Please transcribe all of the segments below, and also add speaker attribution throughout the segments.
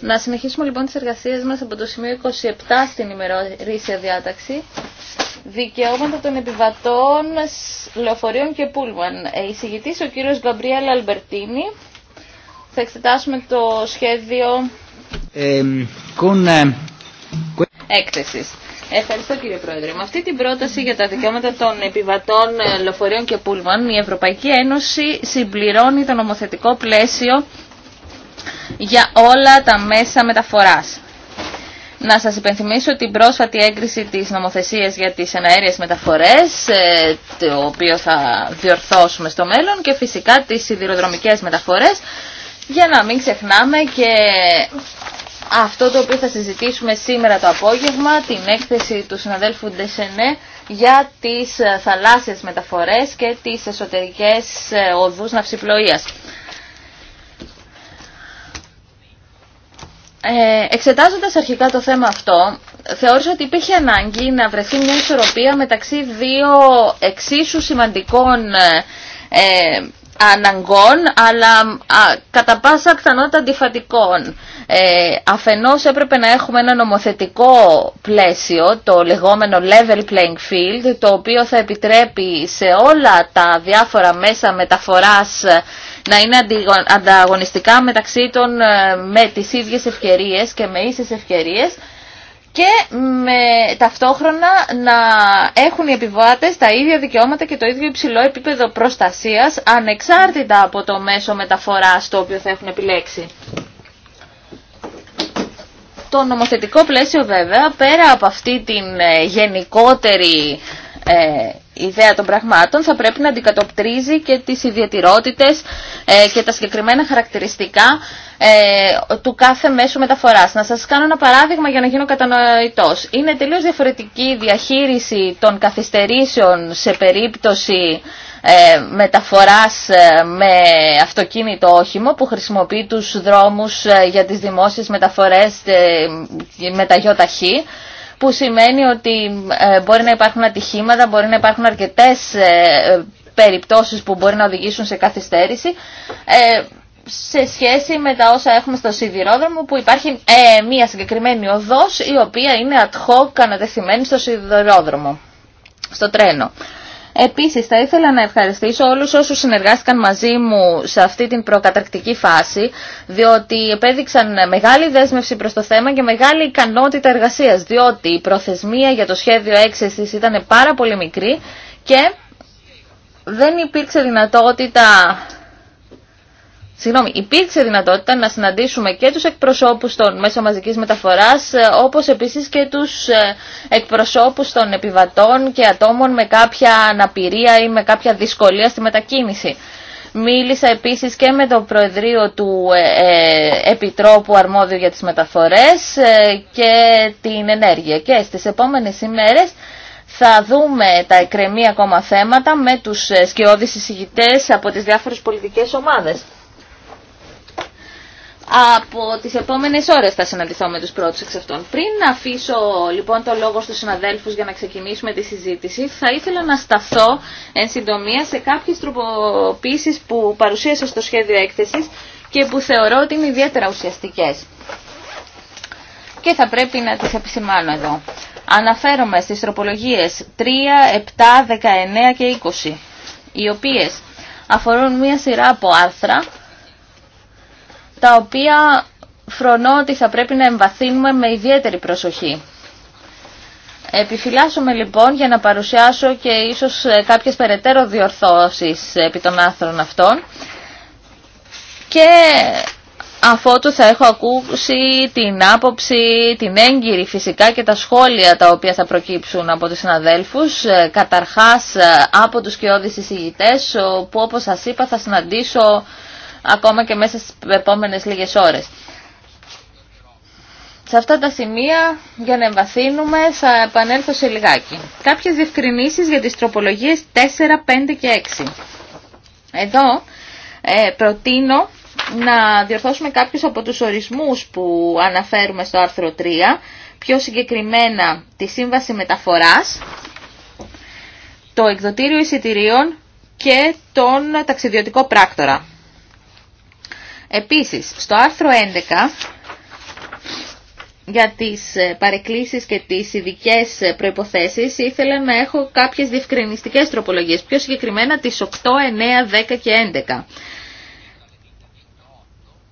Speaker 1: Να συνεχίσουμε λοιπόν τις εργασίες μας από το σημείο 27 στην ημερήσια διάταξη. Δικαιώματα των επιβατών, λεωφορείων και πούλμαν. Ε, εισηγητής ο κύριος Γκαμπριέλ Αλμπερτίνη. Θα εξετάσουμε το σχέδιο ε, έκθεσης. Ευχαριστώ κύριε Πρόεδρε. Με αυτή την πρόταση για τα δικαιώματα των επιβατών ε, λεωφορείων και πούλμαν, η Ευρωπαϊκή Ένωση συμπληρώνει το νομοθετικό πλαίσιο για όλα τα μέσα μεταφοράς. Να σας υπενθυμίσω την πρόσφατη έγκριση της νομοθεσίας για τις εναέριες μεταφορές, ε, το οποίο θα διορθώσουμε στο μέλλον, και φυσικά τις σιδηροδρομικές μεταφορές, για να μην ξεχνάμε και αυτό το οποίο θα συζητήσουμε σήμερα το απόγευμα, την έκθεση του συναδέλφου Ντεσενέ για τις ε, θαλάσσιες μεταφορές και τις εσωτερικές ε, οδούς ναυσιπλοείας. Ε, εξετάζοντας αρχικά το θέμα αυτό, θεώρησα ότι υπήρχε ανάγκη να βρεθεί μια ισορροπία μεταξύ δύο εξίσου σημαντικών ε, ε αναγκών αλλά κατά πάσα πιθανότητα αντιφατικών. Ε, αφενός έπρεπε να έχουμε ένα νομοθετικό πλαίσιο, το λεγόμενο level playing field, το οποίο θα επιτρέπει σε όλα τα διάφορα μέσα μεταφοράς να είναι ανταγωνιστικά μεταξύ των ε, με τις ίδιες ευκαιρίες και με ίσες ευκαιρίες και με, ταυτόχρονα να έχουν οι επιβάτες τα ίδια δικαιώματα και το ίδιο υψηλό επίπεδο προστασίας ανεξάρτητα από το μέσο μεταφοράς το οποίο θα έχουν επιλέξει. Το νομοθετικό πλαίσιο βέβαια, πέρα από αυτή την ε, γενικότερη ε, ιδέα των πραγμάτων θα πρέπει να αντικατοπτρίζει και τις ιδιαιτερότητες ε, και τα συγκεκριμένα χαρακτηριστικά ε, του κάθε μέσου μεταφοράς. Να σας κάνω ένα παράδειγμα για να γίνω κατανοητός. Είναι τελείως διαφορετική η διαχείριση των καθυστερήσεων σε περίπτωση ε, μεταφοράς ε, με αυτοκίνητο όχημο που χρησιμοποιεί τους δρόμους ε, για τις δημόσιες μεταφορές με τα ΙΟΤΑΧΗ που σημαίνει ότι ε, μπορεί να υπάρχουν ατυχήματα, μπορεί να υπάρχουν αρκετές ε, περιπτώσεις που μπορεί να οδηγήσουν σε καθυστέρηση ε, σε σχέση με τα όσα έχουμε στο σιδηρόδρομο που υπάρχει μια συγκεκριμένη οδός η οποία είναι ad hoc ανατεθειμένη στο σιδηρόδρομο, στο τρένο. Επίσης, θα ήθελα να ευχαριστήσω όλους όσους συνεργάστηκαν μαζί μου σε αυτή την προκαταρκτική φάση, διότι επέδειξαν μεγάλη δέσμευση προς το θέμα και μεγάλη ικανότητα εργασίας, διότι η προθεσμία για το σχέδιο έξεσης ήταν πάρα πολύ μικρή και δεν υπήρξε δυνατότητα Συγγνώμη, υπήρξε δυνατότητα να συναντήσουμε και τους εκπροσώπους των μέσω μαζικής μεταφοράς, ε, όπως επίσης και τους ε, εκπροσώπους των επιβατών και ατόμων με κάποια αναπηρία ή με κάποια δυσκολία στη μετακίνηση. Μίλησα επίσης και με το Προεδρείο του ε, Επιτρόπου Αρμόδιου για τις Μεταφορές και την Ενέργεια. Και στις επόμενες ημέρες θα δούμε τα εκκρεμή ακόμα θέματα με τους σκιώδεις εισηγητές από τις διάφορες πολιτικές ομάδες από τις επόμενες ώρες θα συναντηθώ με τους πρώτους εξ αυτών. Πριν να αφήσω λοιπόν το λόγο στους συναδέλφους για να ξεκινήσουμε τη συζήτηση, θα ήθελα να σταθώ εν συντομία σε κάποιες τροποποίησεις που παρουσίασα στο σχέδιο έκθεσης και που θεωρώ ότι είναι ιδιαίτερα ουσιαστικές. Και θα πρέπει να τις επισημάνω εδώ. Αναφέρομαι στις τροπολογίες 3, 7, 19 και 20, οι οποίες αφορούν μία σειρά από άρθρα τα οποία φρονώ ότι θα πρέπει να εμβαθύνουμε με ιδιαίτερη προσοχή. Επιφυλάσσομαι λοιπόν για να παρουσιάσω και ίσως ε, κάποιες περαιτέρω διορθώσεις επί των άθρων αυτών και αφότου θα έχω ακούσει την άποψη, την έγκυρη φυσικά και τα σχόλια τα οποία θα προκύψουν από τους συναδέλφους, ε, καταρχάς ε, από τους κοιόδης εισηγητές που όπως σας είπα θα συναντήσω ακόμα και μέσα στις επόμενες λίγες ώρες. Σε αυτά τα σημεία, για να εμβαθύνουμε, θα επανέλθω σε λιγάκι. Κάποιες διευκρινήσεις για τις τροπολογίες 4, 5 και 6. Εδώ ε, προτείνω να διορθώσουμε κάποιους από τους ορισμούς που αναφέρουμε στο άρθρο 3, πιο συγκεκριμένα τη σύμβαση μεταφοράς, το εκδοτήριο εισιτηρίων και τον ταξιδιωτικό πράκτορα. Επίσης, στο άρθρο 11 για τις ε, παρεκκλήσεις και τις ειδικέ ε, προϋποθέσεις ήθελα να έχω κάποιες διευκρινιστικές τροπολογίες, πιο συγκεκριμένα τις 8, 9, 10 και 11.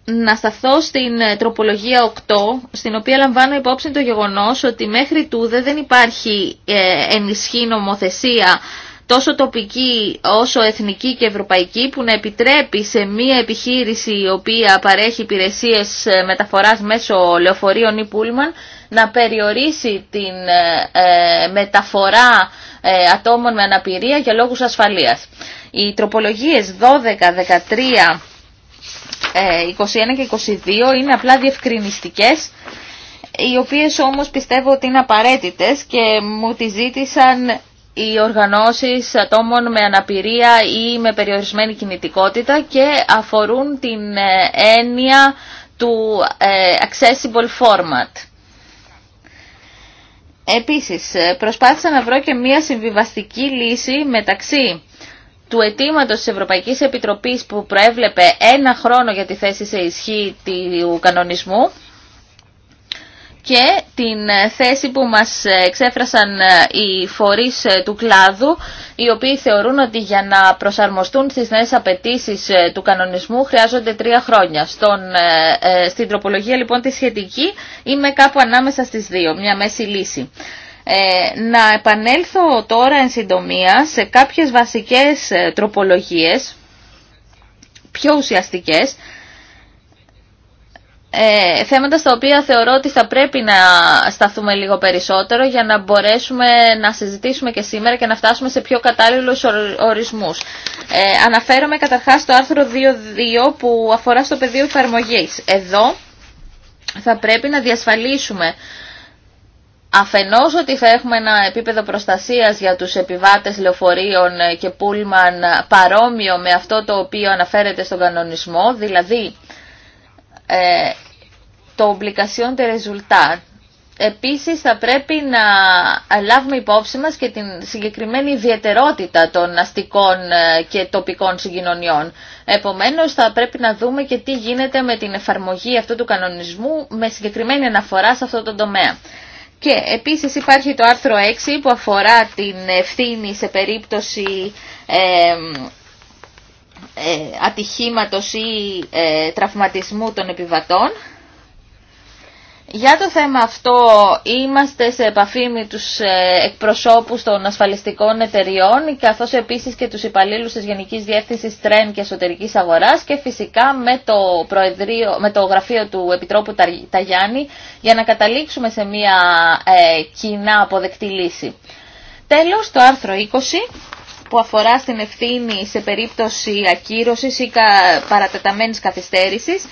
Speaker 1: Να σταθώ στην ε, τροπολογία 8, στην οποία λαμβάνω υπόψη το γεγονός ότι μέχρι τούδε δεν υπάρχει ενισχύ νομοθεσία τόσο τοπική όσο εθνική και ευρωπαϊκή που να επιτρέπει σε μία επιχείρηση η οποία παρέχει υπηρεσίες ε, μεταφοράς μέσω λεωφορείων ή πούλμαν να περιορίσει την ε, ε, μεταφορά ατόμων με αναπηρία για λόγους ασφαλείας. Οι τροπολογίες 12, 13, 21 και 22 είναι απλά διευκρινιστικές οι οποίες όμως πιστεύω ότι είναι απαραίτητες και μου τις ζήτησαν οι οργανώσεις ατόμων με αναπηρία ή με περιορισμένη κινητικότητα και αφορούν την ε, έννοια του ε, accessible format. Επίσης, ε, προσπάθησα να βρω και μία συμβιβαστική λύση μεταξύ του αιτήματο της Ευρωπαϊκής Επιτροπής που προέβλεπε ένα χρόνο για τη θέση σε ισχύ του κανονισμού και την ε, θέση που μας ε, εξέφρασαν ε, οι φορείς του κλάδου, οι οποίοι θεωρούν ότι για να προσαρμοστούν στις νέες απαιτήσει του κανονισμού χρειάζονται τρία χρόνια. Στον, στην τροπολογία λοιπόν τη σχετική είμαι κάπου ανάμεσα στις δύο, μια μέση λύση. να επανέλθω τώρα εν συντομία σε κάποιες βασικές τροπολογίες, πιο ουσιαστικές, ε, θέματα στα οποία θεωρώ ότι θα πρέπει να σταθούμε λίγο περισσότερο για να μπορέσουμε να συζητήσουμε και σήμερα και να φτάσουμε σε πιο κατάλληλους ορισμούς. Ε, αναφέρομαι καταρχάς στο άρθρο 2.2 που αφορά στο πεδίο εφαρμογή. Εδώ θα πρέπει να διασφαλίσουμε Αφενός ότι θα έχουμε ένα επίπεδο προστασίας για τους επιβάτες λεωφορείων και πούλμαν παρόμοιο με αυτό το οποίο αναφέρεται στον κανονισμό, δηλαδή ε, το obligation de resultat. Επίσης θα πρέπει να λάβουμε υπόψη μας και την συγκεκριμένη ιδιαιτερότητα των αστικών ε, και τοπικών συγκοινωνιών. Επομένως θα πρέπει να δούμε και τι γίνεται με την εφαρμογή αυτού του κανονισμού με συγκεκριμένη αναφορά σε αυτό το τομέα. Και επίσης υπάρχει το άρθρο 6 που αφορά την ευθύνη σε περίπτωση ε, ε, ατυχήματος ή ε, τραυματισμού των επιβατών. Για το θέμα αυτό είμαστε σε επαφή με τους ε, εκπροσώπους των ασφαλιστικών εταιριών καθώς επίσης και τους υπαλλήλους της Γενικής Διεύθυνσης Τρέν και Εσωτερικής Αγοράς και φυσικά με το, προεδρείο, με το γραφείο του Επιτρόπου Ταγιάννη για να καταλήξουμε σε μια κοινά αποδεκτή λύση. Τέλος, το άρθρο 20 που αφορά στην ευθύνη σε περίπτωση ακύρωσης ή παρατεταμένης καθυστέρησης.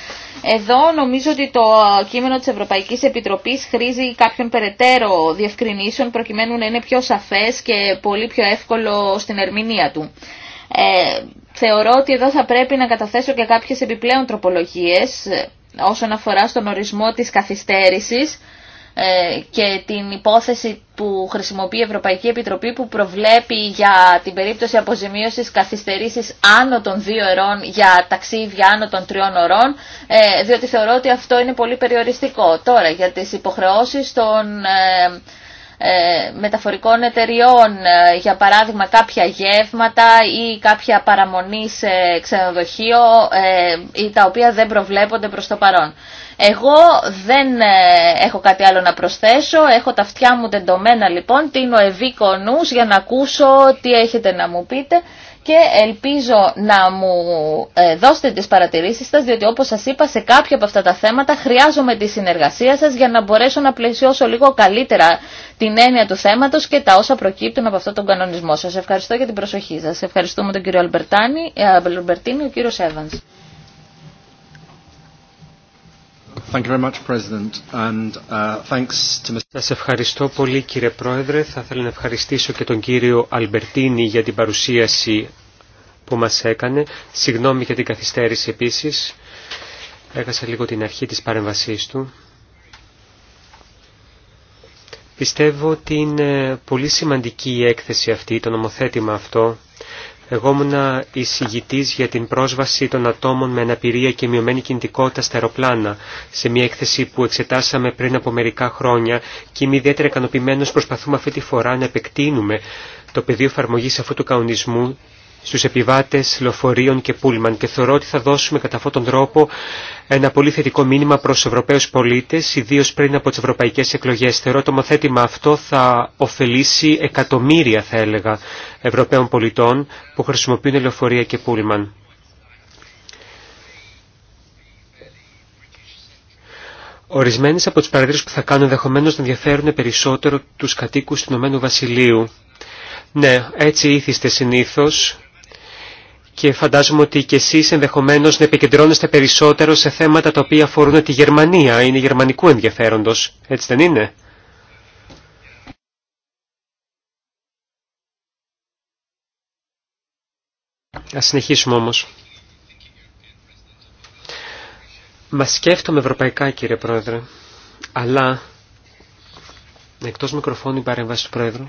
Speaker 1: Εδώ νομίζω ότι το κείμενο της Ευρωπαϊκής Επιτροπής χρήζει κάποιον περαιτέρω διευκρινήσεων προκειμένου να είναι πιο σαφές και πολύ πιο εύκολο στην ερμηνεία του. Ε, θεωρώ ότι εδώ θα πρέπει να καταθέσω και κάποιες επιπλέον τροπολογίες ε, όσον αφορά στον ορισμό της καθυστέρησης ε, και την υπόθεση που χρησιμοποιεί η Ευρωπαϊκή Επιτροπή που προβλέπει για την περίπτωση αποζημίωσης καθυστερήσεις άνω των δύο ερών για ταξίδια άνω των τριών ωρών, ε, διότι θεωρώ ότι αυτό είναι πολύ περιοριστικό. Τώρα, για τις υποχρεώσεις των ε, ε, μεταφορικών εταιριών, ε, για παράδειγμα κάποια γεύματα ή κάποια παραμονή σε ξενοδοχείο, ε, τα οποία δεν προβλέπονται προς το παρόν. Εγώ δεν έχω κάτι άλλο να προσθέσω, έχω τα αυτιά μου τεντωμένα λοιπόν, τίνω ευήκο για να ακούσω τι έχετε να μου πείτε και ελπίζω να μου ε, δώσετε τις παρατηρήσεις σας, διότι όπως σας είπα σε κάποια από αυτά τα θέματα χρειάζομαι τη συνεργασία σας για να μπορέσω να πλαισιώσω λίγο καλύτερα την έννοια του θέματος και τα όσα προκύπτουν από αυτόν τον κανονισμό σας. Ευχαριστώ για την προσοχή σας. Ευχαριστούμε τον κύριο ε, Αλμπερτίνη, ο κύριο Εύανς.
Speaker 2: Thank uh, ευχαριστώ πολύ κύριε Πρόεδρε. Θα ήθελα να ευχαριστήσω και τον κύριο Αλμπερτίνη για την παρουσίαση που μας έκανε. Συγγνώμη για την καθυστέρηση επίσης. Έχασα λίγο την αρχή της παρεμβασής του. Πιστεύω ότι είναι πολύ σημαντική η έκθεση αυτή, το νομοθέτημα αυτό, εγώ ήμουν εισηγητή για την πρόσβαση των ατόμων με αναπηρία και μειωμένη κινητικότητα στα αεροπλάνα, σε μια έκθεση που εξετάσαμε πριν από μερικά χρόνια και είμαι ιδιαίτερα ικανοποιημένο προσπαθούμε αυτή τη φορά να επεκτείνουμε το πεδίο εφαρμογή αυτού του καονισμού στους επιβάτες λεωφορείων και πούλμαν και θεωρώ ότι θα δώσουμε κατά αυτόν τον τρόπο ένα πολύ θετικό μήνυμα προς Ευρωπαίους πολίτες, ιδίως πριν από τις ευρωπαϊκές εκλογές. Θεωρώ το μαθέτημα αυτό θα ωφελήσει εκατομμύρια, θα έλεγα, Ευρωπαίων πολιτών που χρησιμοποιούν λεωφορεία και πούλμαν. Ορισμένες από τις παρατηρήσεις που θα κάνουν ενδεχομένω να ενδιαφέρουν περισσότερο τους κατοίκους του Ηνωμένου Βασιλείου. Ναι, έτσι ήθιστε συνήθως και φαντάζομαι ότι και εσείς ενδεχομένως να επικεντρώνεστε περισσότερο σε θέματα τα οποία αφορούν τη Γερμανία, είναι γερμανικού ενδιαφέροντος, έτσι δεν είναι. Ας συνεχίσουμε όμως. Μα σκέφτομαι ευρωπαϊκά κύριε Πρόεδρε, αλλά εκτός μικροφώνου η παρέμβαση του Πρόεδρου.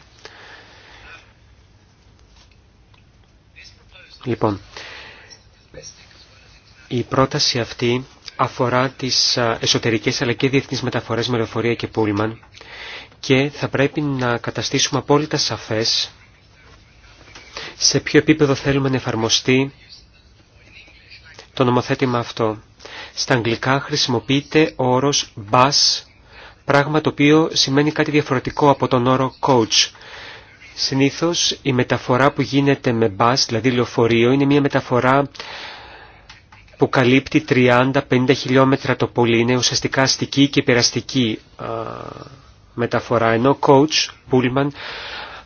Speaker 2: Λοιπόν, η πρόταση αυτή αφορά τις εσωτερικές αλλά και διεθνείς μεταφορές με λεωφορεία και πούλμαν και θα πρέπει να καταστήσουμε απόλυτα σαφές σε ποιο επίπεδο θέλουμε να εφαρμοστεί το νομοθέτημα αυτό. Στα αγγλικά χρησιμοποιείται ο όρος bus, πράγμα το οποίο σημαίνει κάτι διαφορετικό από τον όρο coach. Συνήθως η μεταφορά που γίνεται με μπας, δηλαδή λεωφορείο, είναι μια μεταφορά που καλύπτει 30-50 χιλιόμετρα το πολύ. Είναι ουσιαστικά αστική και υπεραστική μεταφορά, ενώ coach, pullman,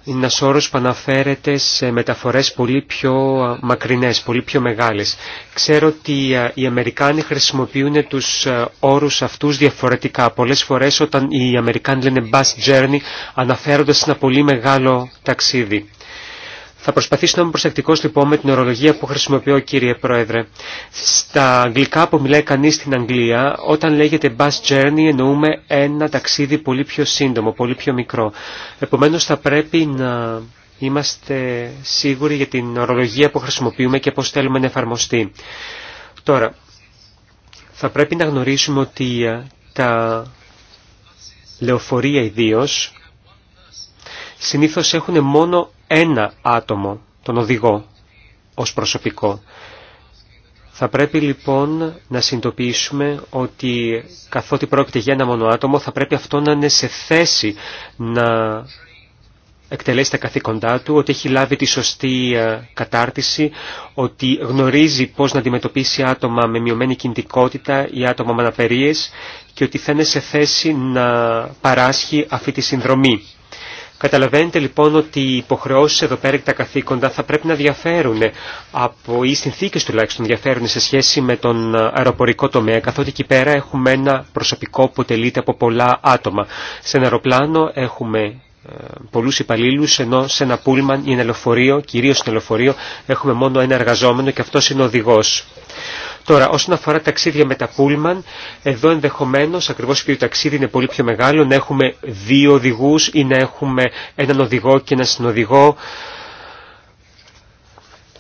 Speaker 2: είναι ένας όρος που αναφέρεται σε μεταφορές πολύ πιο μακρινές, πολύ πιο μεγάλες. Ξέρω ότι οι Αμερικάνοι χρησιμοποιούν τους όρους αυτούς διαφορετικά. Πολλές φορές όταν οι Αμερικάνοι λένε bus journey αναφέρονται ένα πολύ μεγάλο ταξίδι. Θα προσπαθήσω να είμαι προσεκτικός λοιπόν με την ορολογία που χρησιμοποιώ κύριε Πρόεδρε. Στα αγγλικά που μιλάει κανείς στην Αγγλία, όταν λέγεται bus journey εννοούμε ένα ταξίδι πολύ πιο σύντομο, πολύ πιο μικρό. Επομένως θα πρέπει να είμαστε σίγουροι για την ορολογία που χρησιμοποιούμε και πώς θέλουμε να εφαρμοστεί. Τώρα, θα πρέπει να γνωρίσουμε ότι ε, τα λεωφορεία ιδίω συνήθως έχουν μόνο ένα άτομο, τον οδηγό, ως προσωπικό. Θα πρέπει λοιπόν να συνειδητοποιήσουμε ότι καθότι πρόκειται για ένα μόνο άτομο θα πρέπει αυτό να είναι σε θέση να εκτελέσει τα καθήκοντά του, ότι έχει λάβει τη σωστή ε, κατάρτιση, ότι γνωρίζει πώς να αντιμετωπίσει άτομα με μειωμένη κινητικότητα ή άτομα με αναπερίες και ότι θα είναι σε θέση να παράσχει αυτή τη συνδρομή. Καταλαβαίνετε λοιπόν ότι οι υποχρεώσει εδώ πέρα και τα καθήκοντα θα πρέπει να διαφέρουν από οι συνθήκε τουλάχιστον διαφέρουν σε σχέση με τον αεροπορικό τομέα, καθότι εκεί πέρα έχουμε ένα προσωπικό που τελείται από πολλά άτομα. Σε ένα αεροπλάνο έχουμε ε, πολλούς υπαλλήλου ενώ σε ένα πούλμαν ή ένα λεωφορείο, κυρίως ένα λεωφορείο, έχουμε μόνο ένα εργαζόμενο και αυτός είναι ο οδηγός. Τώρα, όσον αφορά ταξίδια με τα πούλμαν, εδώ ενδεχομένω, ακριβώ επειδή το ταξίδι είναι πολύ πιο μεγάλο, να έχουμε δύο οδηγού ή να έχουμε έναν οδηγό και έναν συνοδηγό.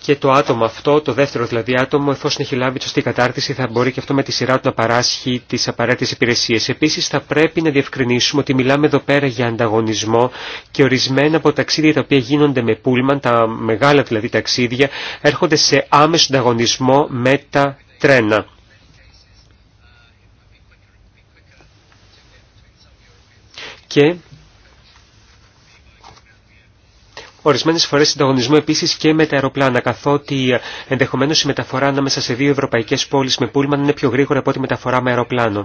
Speaker 2: Και το άτομο αυτό, το δεύτερο δηλαδή άτομο, εφόσον έχει λάβει σωστή κατάρτιση, θα μπορεί και αυτό με τη σειρά του να παράσχει τι απαραίτητε υπηρεσίε. Επίση, θα πρέπει να διευκρινίσουμε ότι μιλάμε εδώ πέρα για ανταγωνισμό και ορισμένα από ταξίδια τα οποία γίνονται με πούλμαν, τα μεγάλα δηλαδή ταξίδια, έρχονται σε άμεσο ανταγωνισμό με τα τρένα. Και Ορισμένε φορέ συνταγωνισμό επίση και με τα αεροπλάνα, καθότι ενδεχομένω η μεταφορά ανάμεσα σε δύο ευρωπαϊκέ πόλει με πούλμαν είναι πιο γρήγορα από τη μεταφορά με αεροπλάνο.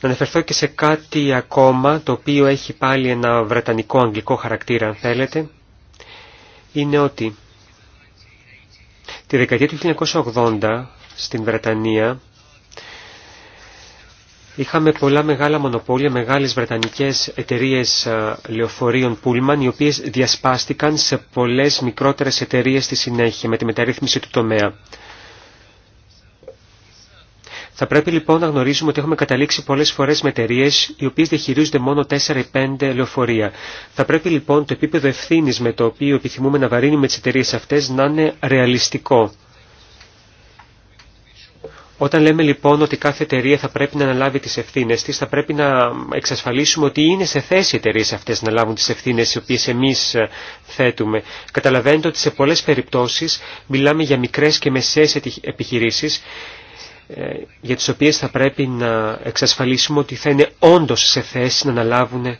Speaker 2: Να αναφερθώ και σε κάτι ακόμα, το οποίο έχει πάλι ένα βρετανικό-αγγλικό χαρακτήρα, αν θέλετε. Είναι ότι Τη δεκαετία του 1980 στην Βρετανία είχαμε πολλά μεγάλα μονοπόλια, μεγάλες βρετανικές εταιρείες ε, λεωφορείων Πούλμαν, οι οποίες διασπάστηκαν σε πολλές μικρότερες εταιρείες στη συνέχεια με τη μεταρρύθμιση του τομέα. Θα πρέπει λοιπόν να γνωρίζουμε ότι έχουμε καταλήξει πολλέ φορέ με εταιρείε οι οποίε διαχειρίζονται μόνο 4 5 λεωφορεία. Θα πρέπει λοιπόν το επίπεδο ευθύνη με το οποίο επιθυμούμε να βαρύνουμε τι εταιρείε αυτέ να είναι ρεαλιστικό. Όταν λέμε λοιπόν ότι κάθε εταιρεία θα πρέπει να αναλάβει τις ευθύνες της, θα πρέπει να εξασφαλίσουμε ότι είναι σε θέση οι εταιρείε αυτές να λάβουν τις ευθύνες οι οποίες εμείς ε, θέτουμε. Καταλαβαίνετε ότι σε πολλές περιπτώσεις μιλάμε για μικρές και μεσαίες επιχειρήσεις ε, για τις οποίες θα πρέπει να εξασφαλίσουμε ότι θα είναι όντως σε θέση να αναλάβουν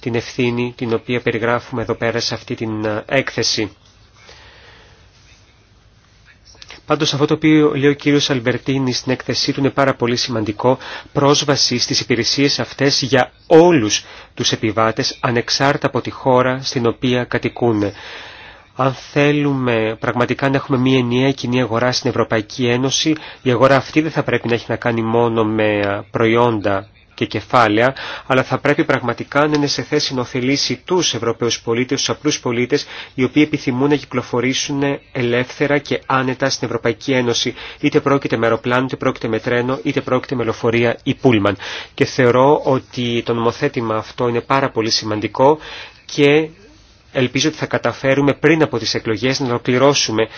Speaker 2: την ευθύνη την οποία περιγράφουμε εδώ πέρα σε αυτή την ε, έκθεση. Πάντως αυτό το οποίο λέει ο κύριος Αλμπερτίνη στην έκθεσή του είναι πάρα πολύ σημαντικό πρόσβαση στις υπηρεσίες αυτές για όλους τους επιβάτες ανεξάρτητα από τη χώρα στην οποία κατοικούν αν θέλουμε πραγματικά να έχουμε μία ενιαία κοινή αγορά στην Ευρωπαϊκή Ένωση, η αγορά αυτή δεν θα πρέπει να έχει να κάνει μόνο με προϊόντα και κεφάλαια, αλλά θα πρέπει πραγματικά να είναι σε θέση να ωφελήσει τους Ευρωπαίους πολίτες, τους απλούς πολίτες, οι οποίοι επιθυμούν να κυκλοφορήσουν ελεύθερα και άνετα στην Ευρωπαϊκή Ένωση, είτε πρόκειται με αεροπλάνο, είτε πρόκειται με τρένο, είτε πρόκειται με λεωφορεία ή πούλμαν. Και θεωρώ ότι το νομοθέτημα αυτό είναι πάρα πολύ σημαντικό και ελπίζω ότι θα καταφέρουμε πριν από τις εκλογές να ολοκληρώσουμε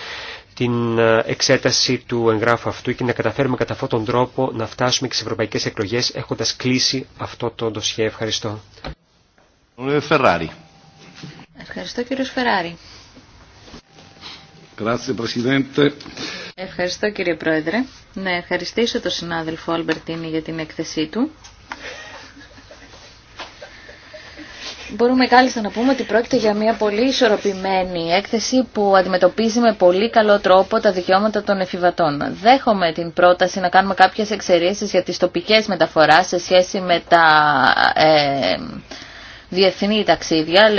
Speaker 2: την ε, εξέταση του εγγράφου αυτού και να καταφέρουμε κατά αυτόν τον τρόπο να φτάσουμε και στις ευρωπαϊκές εκλογές έχοντας κλείσει αυτό το ντοσιέ. Ευχαριστώ. Ε,
Speaker 1: Ευχαριστώ κύριο Φεράρι. Ευχαριστώ κύριε Πρόεδρε. Να ευχαριστήσω τον συνάδελφο Αλμπερτίνη για την έκθεσή του. Μπορούμε κάλλιστα να πούμε ότι πρόκειται για μια πολύ ισορροπημένη έκθεση που αντιμετωπίζει με πολύ καλό τρόπο τα δικαιώματα των εφηβατών. Δέχομαι την πρόταση να κάνουμε κάποιες εξαιρίσεις για τις τοπικές μεταφοράς σε σχέση με τα ε, διεθνή ταξίδια,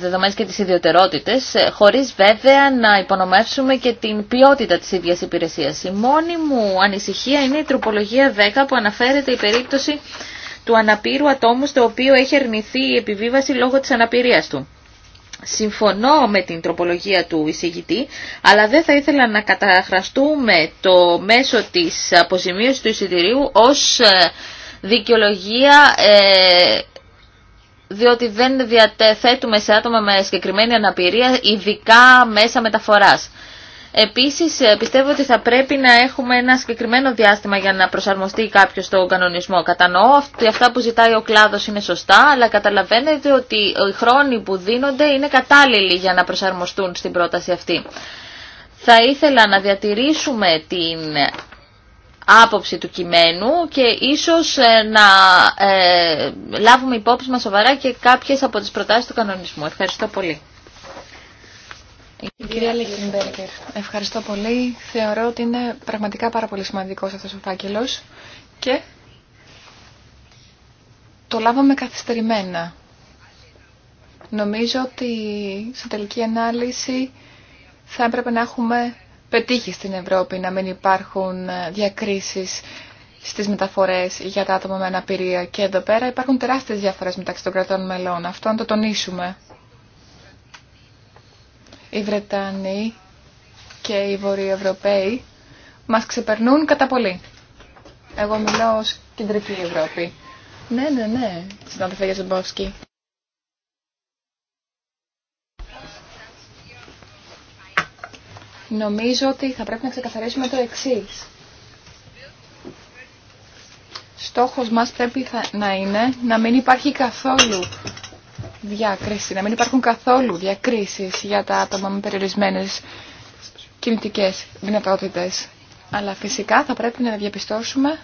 Speaker 1: δεδομένες και τις ιδιωτερότητες, χωρίς βέβαια να υπονομεύσουμε και την ποιότητα της ίδιας υπηρεσίας. Η μόνη μου ανησυχία είναι η τροπολογία 10 που αναφέρεται η περίπτωση του αναπήρου ατόμου στο οποίο έχει αρνηθεί η επιβίβαση λόγω της αναπηρίας του. Συμφωνώ με την τροπολογία του εισηγητή, αλλά δεν θα ήθελα να καταχραστούμε το μέσο της αποζημίωσης του εισιτηρίου ως ε, δικαιολογία ε, διότι δεν διαθέτουμε σε άτομα με συγκεκριμένη αναπηρία ειδικά μέσα μεταφοράς. Επίσης ε, πιστεύω ότι θα πρέπει να έχουμε ένα συγκεκριμένο διάστημα για να προσαρμοστεί κάποιο στον κανονισμό. Κατανοώ ότι αυτά που ζητάει ο κλάδος είναι σωστά, αλλά καταλαβαίνετε ότι οι χρόνοι που δίνονται είναι κατάλληλοι για να προσαρμοστούν στην πρόταση αυτή. Θα ήθελα να διατηρήσουμε την άποψη του κειμένου και ίσως ε, να ε, λάβουμε υπόψη μας σοβαρά και κάποιες από τις προτάσεις του κανονισμού. Ευχαριστώ πολύ κυρία
Speaker 3: ευχαριστώ πολύ. Θεωρώ ότι είναι πραγματικά πάρα πολύ σημαντικός αυτός ο φάκελος και το λάβαμε καθυστερημένα. Νομίζω ότι σε τελική ανάλυση θα έπρεπε να έχουμε πετύχει στην Ευρώπη να μην υπάρχουν διακρίσεις στις μεταφορές για τα άτομα με αναπηρία και εδώ πέρα υπάρχουν τεράστιες διαφορές μεταξύ των κρατών μελών. Αυτό να το τονίσουμε οι Βρετανοί και οι Βορειοευρωπαίοι μας ξεπερνούν κατά πολύ. Εγώ μιλάω ως κεντρική Ευρώπη. Ναι, ναι, ναι, συνάδελφε Γιαζεμπόσκη. Νομίζω ότι θα πρέπει να ξεκαθαρίσουμε το εξής. Στόχος μας πρέπει να είναι να μην υπάρχει καθόλου διάκριση, να μην υπάρχουν καθόλου διακρίσεις για τα άτομα με περιορισμένες κινητικές δυνατότητες. Αλλά φυσικά θα πρέπει να διαπιστώσουμε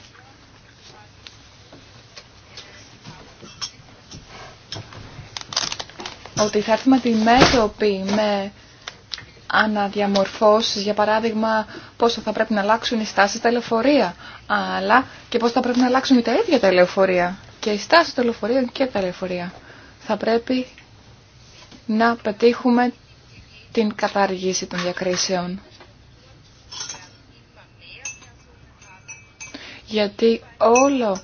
Speaker 3: ότι θα έρθουμε αντιμέτωποι με αναδιαμορφώσεις, για παράδειγμα πόσο θα πρέπει να αλλάξουν οι στάσεις στα λεωφορεία, αλλά και πώς θα πρέπει να αλλάξουν τα ίδια τα λεωφορεία και οι στάσεις των και τα λεωφορεία θα πρέπει να πετύχουμε την κατάργηση των διακρίσεων. Γιατί όλο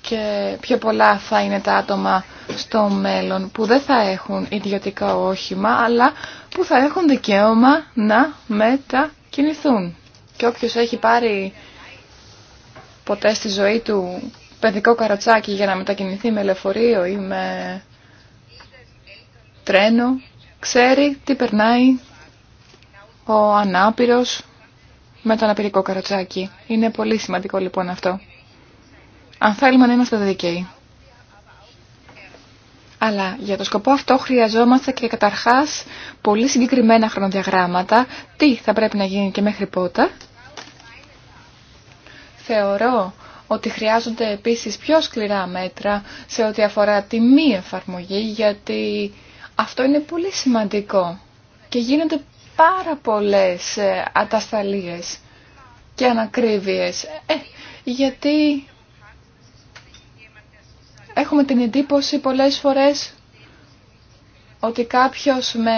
Speaker 3: και πιο πολλά θα είναι τα άτομα στο μέλλον που δεν θα έχουν ιδιωτικό όχημα, αλλά που θα έχουν δικαίωμα να μετακινηθούν. Και όποιος έχει πάρει ποτέ στη ζωή του παιδικό καρατσάκι για να μετακινηθεί με λεωφορείο ή με τρένο, ξέρει τι περνάει ο ανάπηρος με το αναπηρικό καροτσάκι. Είναι πολύ σημαντικό λοιπόν αυτό. Αν θέλουμε να είμαστε δίκαιοι. Αλλά για το σκοπό αυτό χρειαζόμαστε και καταρχάς πολύ συγκεκριμένα χρονοδιαγράμματα. Τι θα πρέπει να γίνει και μέχρι πότε. Θεωρώ ότι χρειάζονται επίσης πιο σκληρά μέτρα σε ό,τι αφορά τη μη εφαρμογή, γιατί αυτό είναι πολύ σημαντικό και γίνονται πάρα πολλές ε, ατασταλίες και ανακρίβειες. Ε, γιατί έχουμε την εντύπωση πολλές φορές ότι κάποιος με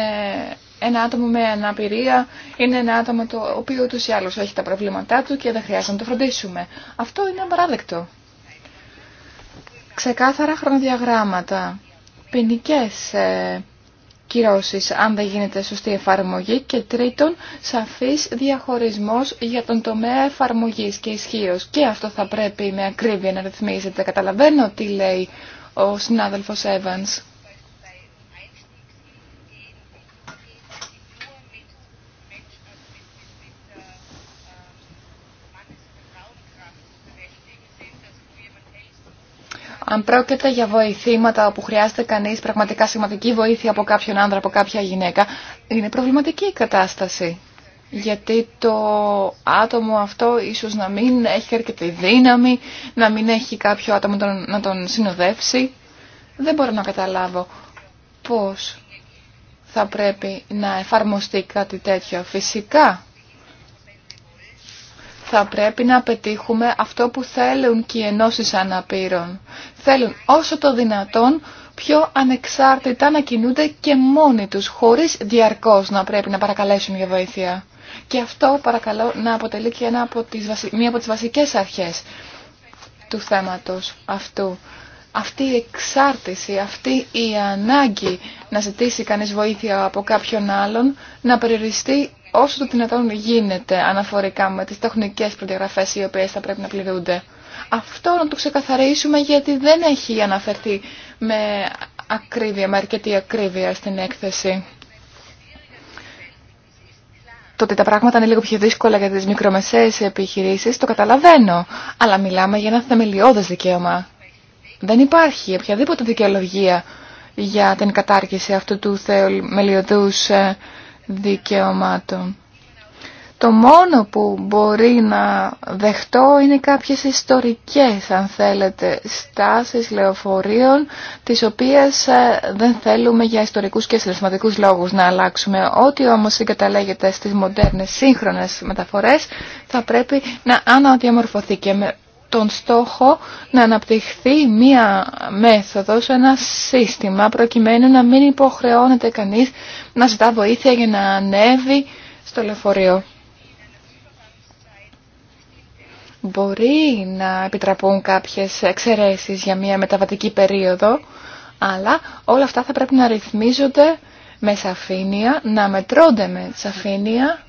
Speaker 3: ένα άτομο με αναπηρία είναι ένα άτομο το οποίο ούτως ή άλλως έχει τα προβλήματά του και δεν χρειάζεται να το φροντίσουμε. Αυτό είναι απαράδεκτο. Ξεκάθαρα χρονοδιαγράμματα, ποινικέ ε, κυρώσεις αν δεν γίνεται σωστή εφαρμογή και τρίτον σαφής διαχωρισμός για τον τομέα εφαρμογής και ισχύω. Και αυτό θα πρέπει με ακρίβεια να ρυθμίζεται. Καταλαβαίνω τι λέει ο συνάδελφος Evans. Αν πρόκειται για βοηθήματα όπου χρειάζεται κανεί πραγματικά σημαντική βοήθεια από κάποιον άνδρα, από κάποια γυναίκα, είναι προβληματική η κατάσταση. Γιατί το άτομο αυτό ίσως να μην έχει αρκετή δύναμη, να μην έχει κάποιο άτομο να τον συνοδεύσει. Δεν μπορώ να καταλάβω πώς θα πρέπει να εφαρμοστεί κάτι τέτοιο. Φυσικά θα πρέπει να πετύχουμε αυτό που θέλουν και οι ενώσεις αναπήρων. Θέλουν όσο το δυνατόν πιο ανεξάρτητα να κινούνται και μόνοι τους, χωρίς διαρκώς να πρέπει να παρακαλέσουν για βοήθεια. Και αυτό παρακαλώ να αποτελεί και ένα από τις, μία από τις βασικές αρχές του θέματος αυτού. Αυτή η εξάρτηση, αυτή η ανάγκη να ζητήσει κανείς βοήθεια από κάποιον άλλον, να περιοριστεί όσο το δυνατόν γίνεται αναφορικά με τις τεχνικές προδιαγραφές οι οποίες θα πρέπει να πληρούνται. Αυτό να το ξεκαθαρίσουμε γιατί δεν έχει αναφερθεί με ακρίβεια, με αρκετή ακρίβεια στην έκθεση. Το ότι τα πράγματα είναι λίγο πιο δύσκολα για τις μικρομεσαίες επιχειρήσεις το καταλαβαίνω, αλλά μιλάμε για ένα θεμελιώδες δικαίωμα. Δεν υπάρχει οποιαδήποτε δικαιολογία για την κατάργηση αυτού του θεμελιωδούς ε, δικαιωμάτων. Το μόνο που μπορεί να δεχτώ είναι κάποιες ιστορικές, αν θέλετε, στάσεις λεωφορείων, τις οποίες ε, δεν θέλουμε για ιστορικούς και συναισθηματικούς λόγους να αλλάξουμε. Ό,τι όμως συγκαταλέγεται στις μοντέρνες σύγχρονες μεταφορές θα πρέπει να αναδιαμορφωθεί και με τον στόχο να αναπτυχθεί μία μέθοδος, ένα σύστημα προκειμένου να μην υποχρεώνεται κανείς να ζητά βοήθεια για να ανέβει στο λεωφορείο. Μπορεί να επιτραπούν κάποιες εξαιρέσεις για μία μεταβατική περίοδο, αλλά όλα αυτά θα πρέπει να ρυθμίζονται με σαφήνεια, να μετρώνται με σαφήνεια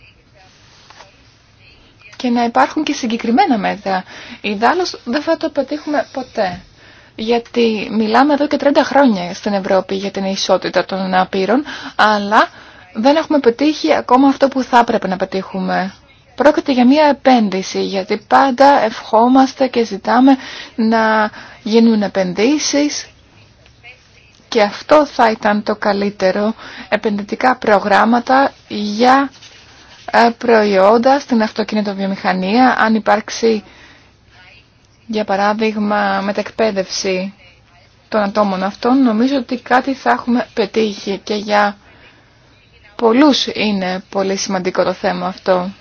Speaker 3: και να υπάρχουν και συγκεκριμένα μέτρα. Ιδάλλως δεν θα το πετύχουμε ποτέ. Γιατί μιλάμε εδώ και 30 χρόνια στην Ευρώπη για την ισότητα των αναπήρων, αλλά δεν έχουμε πετύχει ακόμα αυτό που θα έπρεπε να πετύχουμε. Πρόκειται για μια επένδυση, γιατί πάντα ευχόμαστε και ζητάμε να γίνουν επενδύσεις και αυτό θα ήταν το καλύτερο επενδυτικά προγράμματα για ε, προϊόντα στην αυτοκινητοβιομηχανία, αν υπάρξει για παράδειγμα μετεκπαίδευση των ατόμων αυτών, νομίζω ότι κάτι θα έχουμε πετύχει και για πολλούς είναι πολύ σημαντικό το θέμα αυτό.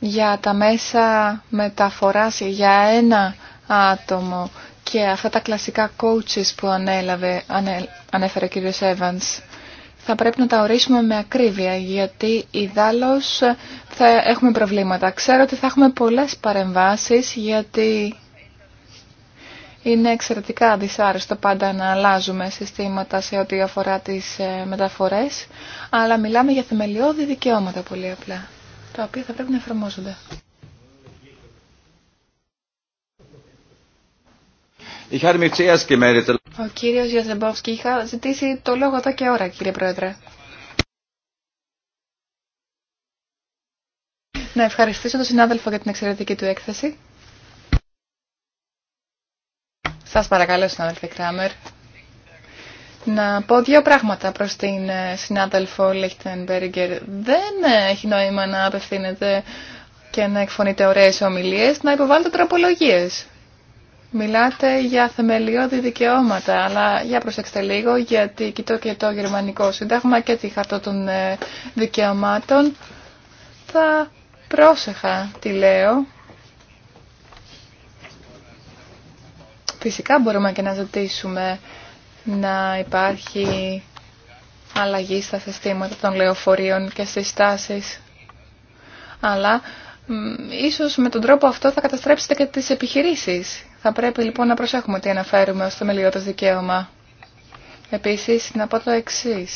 Speaker 3: Για τα μέσα μεταφοράς για ένα άτομο και αυτά τα κλασικά coaches που ανέλαβε, ανέφερε ο κ. Evans θα πρέπει να τα ορίσουμε με ακρίβεια, γιατί ιδάλλως θα έχουμε προβλήματα. Ξέρω ότι θα έχουμε πολλές παρεμβάσεις, γιατί είναι εξαιρετικά δυσάρεστο πάντα να αλλάζουμε συστήματα σε ό,τι αφορά τις ε, μεταφορές, αλλά μιλάμε για θεμελιώδη δικαιώματα πολύ απλά, τα οποία θα πρέπει να εφαρμόζονται.
Speaker 1: Ο
Speaker 3: κύριος Γιαζεμπόφσκι, είχα ζητήσει το λόγο εδώ και ώρα, κύριε Πρόεδρε. Να ευχαριστήσω τον συνάδελφο για την εξαιρετική του έκθεση. Σας παρακαλώ, συνάδελφε Κράμερ, να πω δύο πράγματα προς την ε, συνάδελφο Λίχτενμπεργκερ. Δεν ε, έχει νόημα να απευθύνεται και να εκφωνείτε ωραίες ομιλίες, να υποβάλλετε τροπολογίες. Μιλάτε για θεμελιώδη δικαιώματα, αλλά για προσέξτε λίγο, γιατί κοιτώ και το γερμανικό σύνταγμα και τη χαρτό των ε, δικαιωμάτων. Θα πρόσεχα τι λέω. Φυσικά μπορούμε και να ζητήσουμε να υπάρχει αλλαγή στα συστήματα των λεωφορείων και στις στάσεις, Αλλά ίσως με τον τρόπο αυτό θα καταστρέψετε και τις επιχειρήσεις θα πρέπει λοιπόν να προσέχουμε τι αναφέρουμε ως θεμελιώτες δικαίωμα. Επίσης, να πω το εξή.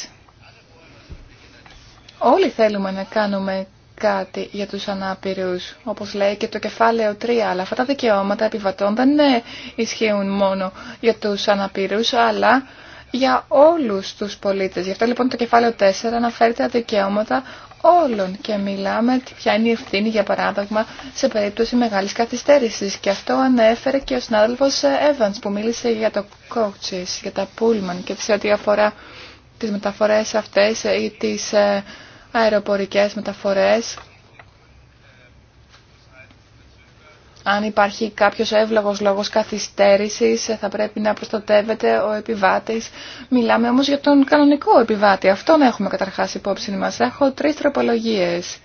Speaker 3: Όλοι θέλουμε να κάνουμε κάτι για τους ανάπηρους, όπως λέει και το κεφάλαιο 3, αλλά αυτά τα δικαιώματα επιβατών δεν ε, ισχύουν μόνο για τους αναπήρους, αλλά για όλους τους πολίτες. Γι' αυτό λοιπόν το κεφάλαιο 4 αναφέρει τα δικαιώματα όλων και μιλάμε ποια είναι η ευθύνη για παράδειγμα σε περίπτωση μεγάλης καθυστέρησης και αυτό ανέφερε και ο συνάδελφος ε, Evans που μίλησε για το coaches, για τα πούλμαν και σε ό,τι αφορά τις μεταφορές αυτές ή τις ε, αεροπορικές μεταφορές αν υπάρχει κάποιος εύλογος λόγος καθυστέρησης θα πρέπει να προστατεύεται ο επιβάτης. Μιλάμε όμως για τον κανονικό επιβάτη. Αυτόν έχουμε καταρχάς υπόψη μας. Έχω τρεις τροπολογίες.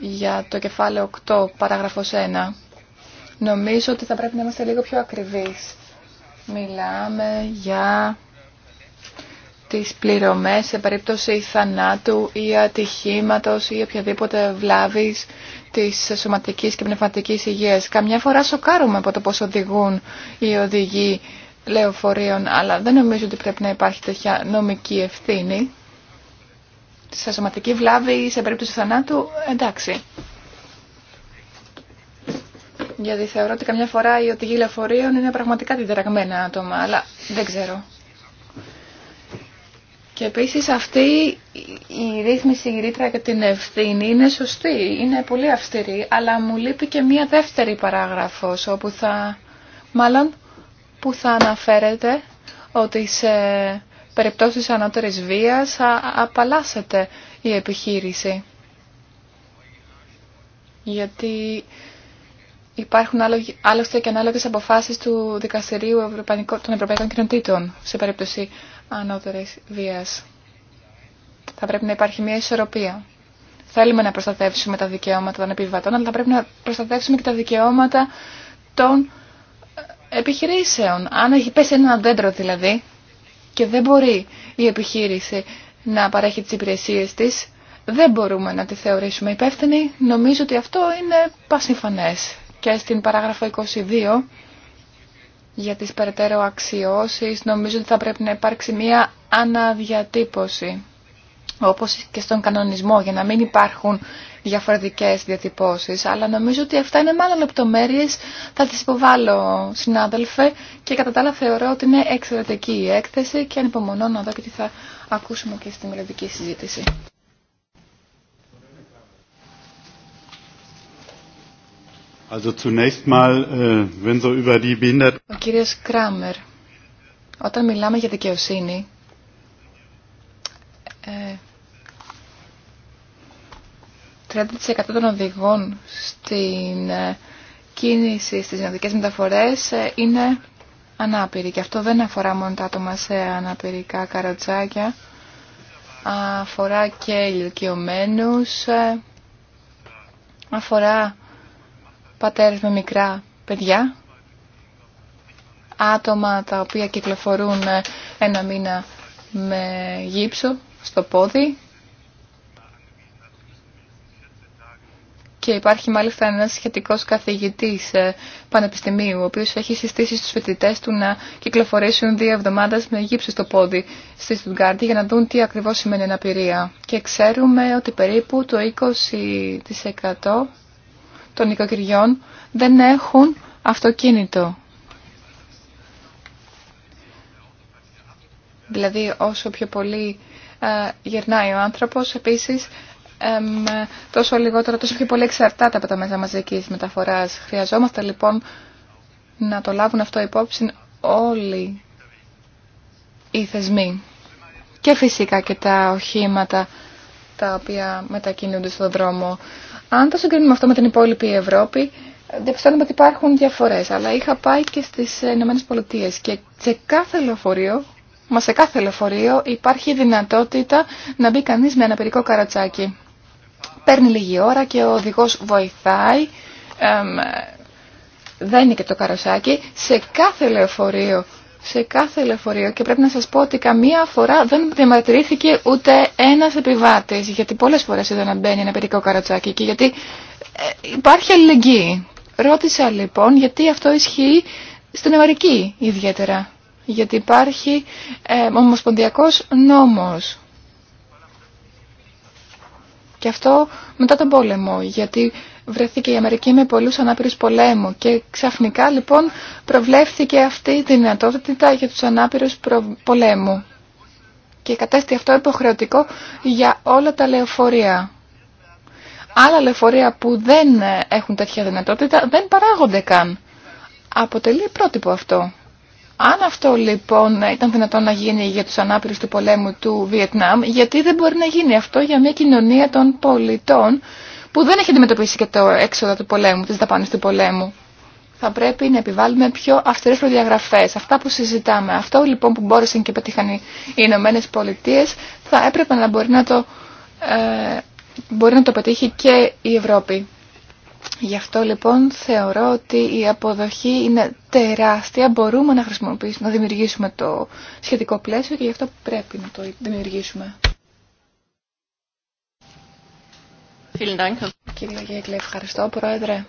Speaker 3: Για το κεφάλαιο 8, παράγραφος 1. Νομίζω ότι θα πρέπει να είμαστε λίγο πιο ακριβείς. Μιλάμε για τις πληρωμές σε περίπτωση θανάτου ή ατυχήματος ή οποιαδήποτε βλάβης της σωματικής και πνευματικής υγείας. Καμιά φορά σοκάρουμε από το πώς οδηγούν οι οδηγοί λεωφορείων, αλλά δεν νομίζω ότι πρέπει να υπάρχει τέτοια νομική ευθύνη. Σε σωματική βλάβη ή σε περίπτωση θανάτου, εντάξει. Γιατί θεωρώ ότι καμιά φορά οι οδηγοί λεωφορείων είναι πραγματικά διδραγμένα άτομα, αλλά δεν ξέρω. Και επίσης αυτή η ρύθμιση, η ρήτρα για την ευθύνη είναι σωστή, είναι πολύ αυστηρή, αλλά μου λείπει και μία δεύτερη παράγραφος, όπου θα, μάλλον, που θα αναφέρεται ότι σε περιπτώσεις ανώτερης βίας απαλλάσσεται η επιχείρηση. Γιατί υπάρχουν άλλωστε και ανάλογες αποφάσεις του Δικαστηρίου των Ευρωπαϊκών Κοινοτήτων σε περίπτωση ανώτερης βίας. Θα πρέπει να υπάρχει μια ισορροπία. Θέλουμε να προστατεύσουμε τα δικαιώματα των επιβατών, αλλά θα πρέπει να προστατεύσουμε και τα δικαιώματα των ε, επιχειρήσεων. Αν έχει πέσει ένα δέντρο δηλαδή και δεν μπορεί η επιχείρηση να παρέχει τις υπηρεσίες της, δεν μπορούμε να τη θεωρήσουμε υπεύθυνη. Νομίζω ότι αυτό είναι πασιφανές. Και στην παράγραφο 22 για τις περαιτέρω αξιώσεις, νομίζω ότι θα πρέπει να υπάρξει μία αναδιατύπωση, όπως και στον κανονισμό, για να μην υπάρχουν διαφορετικές διατυπώσεις. Αλλά νομίζω ότι αυτά είναι μάλλον λεπτομέρειες, θα τις υποβάλω συνάδελφε και κατά τα άλλα θεωρώ ότι είναι εξαιρετική η έκθεση και ανυπομονώ να δω και τι θα ακούσουμε και στη μελλοντική συζήτηση.
Speaker 4: Also äh,
Speaker 3: Ο κύριος Κράμερ, όταν μιλάμε για δικαιοσύνη, ε, 30% των οδηγών στην ε, κίνηση στις δυνατικές μεταφορές ε, είναι ανάπηροι και αυτό δεν αφορά μόνο τα άτομα σε αναπηρικά καροτσάκια, αφορά και ηλικιωμένους, ε, αφορά πατέρες με μικρά παιδιά, άτομα τα οποία κυκλοφορούν ε, ένα μήνα με γύψο στο πόδι και υπάρχει μάλιστα ένας σχετικός καθηγητής ε, πανεπιστημίου ο οποίος έχει συστήσει στους φοιτητές του να κυκλοφορήσουν δύο εβδομάδες με γύψο στο πόδι στη Στουγκάρντι για να δουν τι ακριβώς σημαίνει αναπηρία. Και ξέρουμε ότι περίπου το 20% των οικοκυριών δεν έχουν αυτοκίνητο. Δηλαδή όσο πιο πολύ ε, γερνάει ο άνθρωπος, επίσης τόσο λιγότερο, τόσο πιο πολύ εξαρτάται από τα μέσα μαζικής μεταφοράς. Χρειαζόμαστε λοιπόν να το λάβουν αυτό υπόψη όλοι οι θεσμοί. Και φυσικά και τα οχήματα τα οποία μετακινούνται στον δρόμο. Αν το συγκρίνουμε αυτό με την υπόλοιπη Ευρώπη, διαπιστώνουμε ότι υπάρχουν διαφορές. Αλλά είχα πάει και στις ε, Ηνωμένες Πολιτείες και σε κάθε λεωφορείο, μα σε κάθε λεωφορείο υπάρχει δυνατότητα να μπει κανείς με αναπηρικό καρατσάκι. Παίρνει λίγη ώρα και ο οδηγός βοηθάει, δεν είναι και το καροσάκι. Σε κάθε λεωφορείο σε κάθε λεωφορείο και πρέπει να σας πω ότι καμία φορά δεν διαμαρτυρήθηκε ούτε ένας επιβάτης γιατί πολλές φορές είδα να μπαίνει ένα παιδικό καρατσάκι και γιατί ε, υπάρχει αλληλεγγύη. Ρώτησα λοιπόν γιατί αυτό ισχύει στην Αμερική ιδιαίτερα γιατί υπάρχει ε, ομοσπονδιακός νόμος και αυτό μετά τον πόλεμο γιατί βρέθηκε η Αμερική με πολλούς ανάπηρους πολέμου και ξαφνικά λοιπόν προβλέφθηκε αυτή η δυνατότητα για τους ανάπηρους πολέμου και κατέστη αυτό υποχρεωτικό για όλα τα λεωφορεία. Άλλα λεωφορεία που δεν έχουν τέτοια δυνατότητα δεν παράγονται καν. Αποτελεί πρότυπο αυτό. Αν αυτό λοιπόν ήταν δυνατόν να γίνει για τους ανάπηρους του πολέμου του Βιετνάμ, γιατί δεν μπορεί να γίνει αυτό για μια κοινωνία των πολιτών που δεν έχει αντιμετωπίσει και το έξοδο του πολέμου, τις δαπάνες του πολέμου. Θα πρέπει να επιβάλλουμε πιο αυστηρέ προδιαγραφέ. Αυτά που συζητάμε, αυτό λοιπόν που μπόρεσαν και πετύχαν οι Ηνωμένε Πολιτείε, θα έπρεπε να μπορεί να το, ε, μπορεί να το πετύχει και η Ευρώπη. Γι' αυτό λοιπόν θεωρώ ότι η αποδοχή είναι τεράστια. Μπορούμε να χρησιμοποιήσουμε, να δημιουργήσουμε το σχετικό πλαίσιο και γι' αυτό πρέπει να το δημιουργήσουμε. Κύριε Γέγκλε, ευχαριστώ, Πρόεδρε.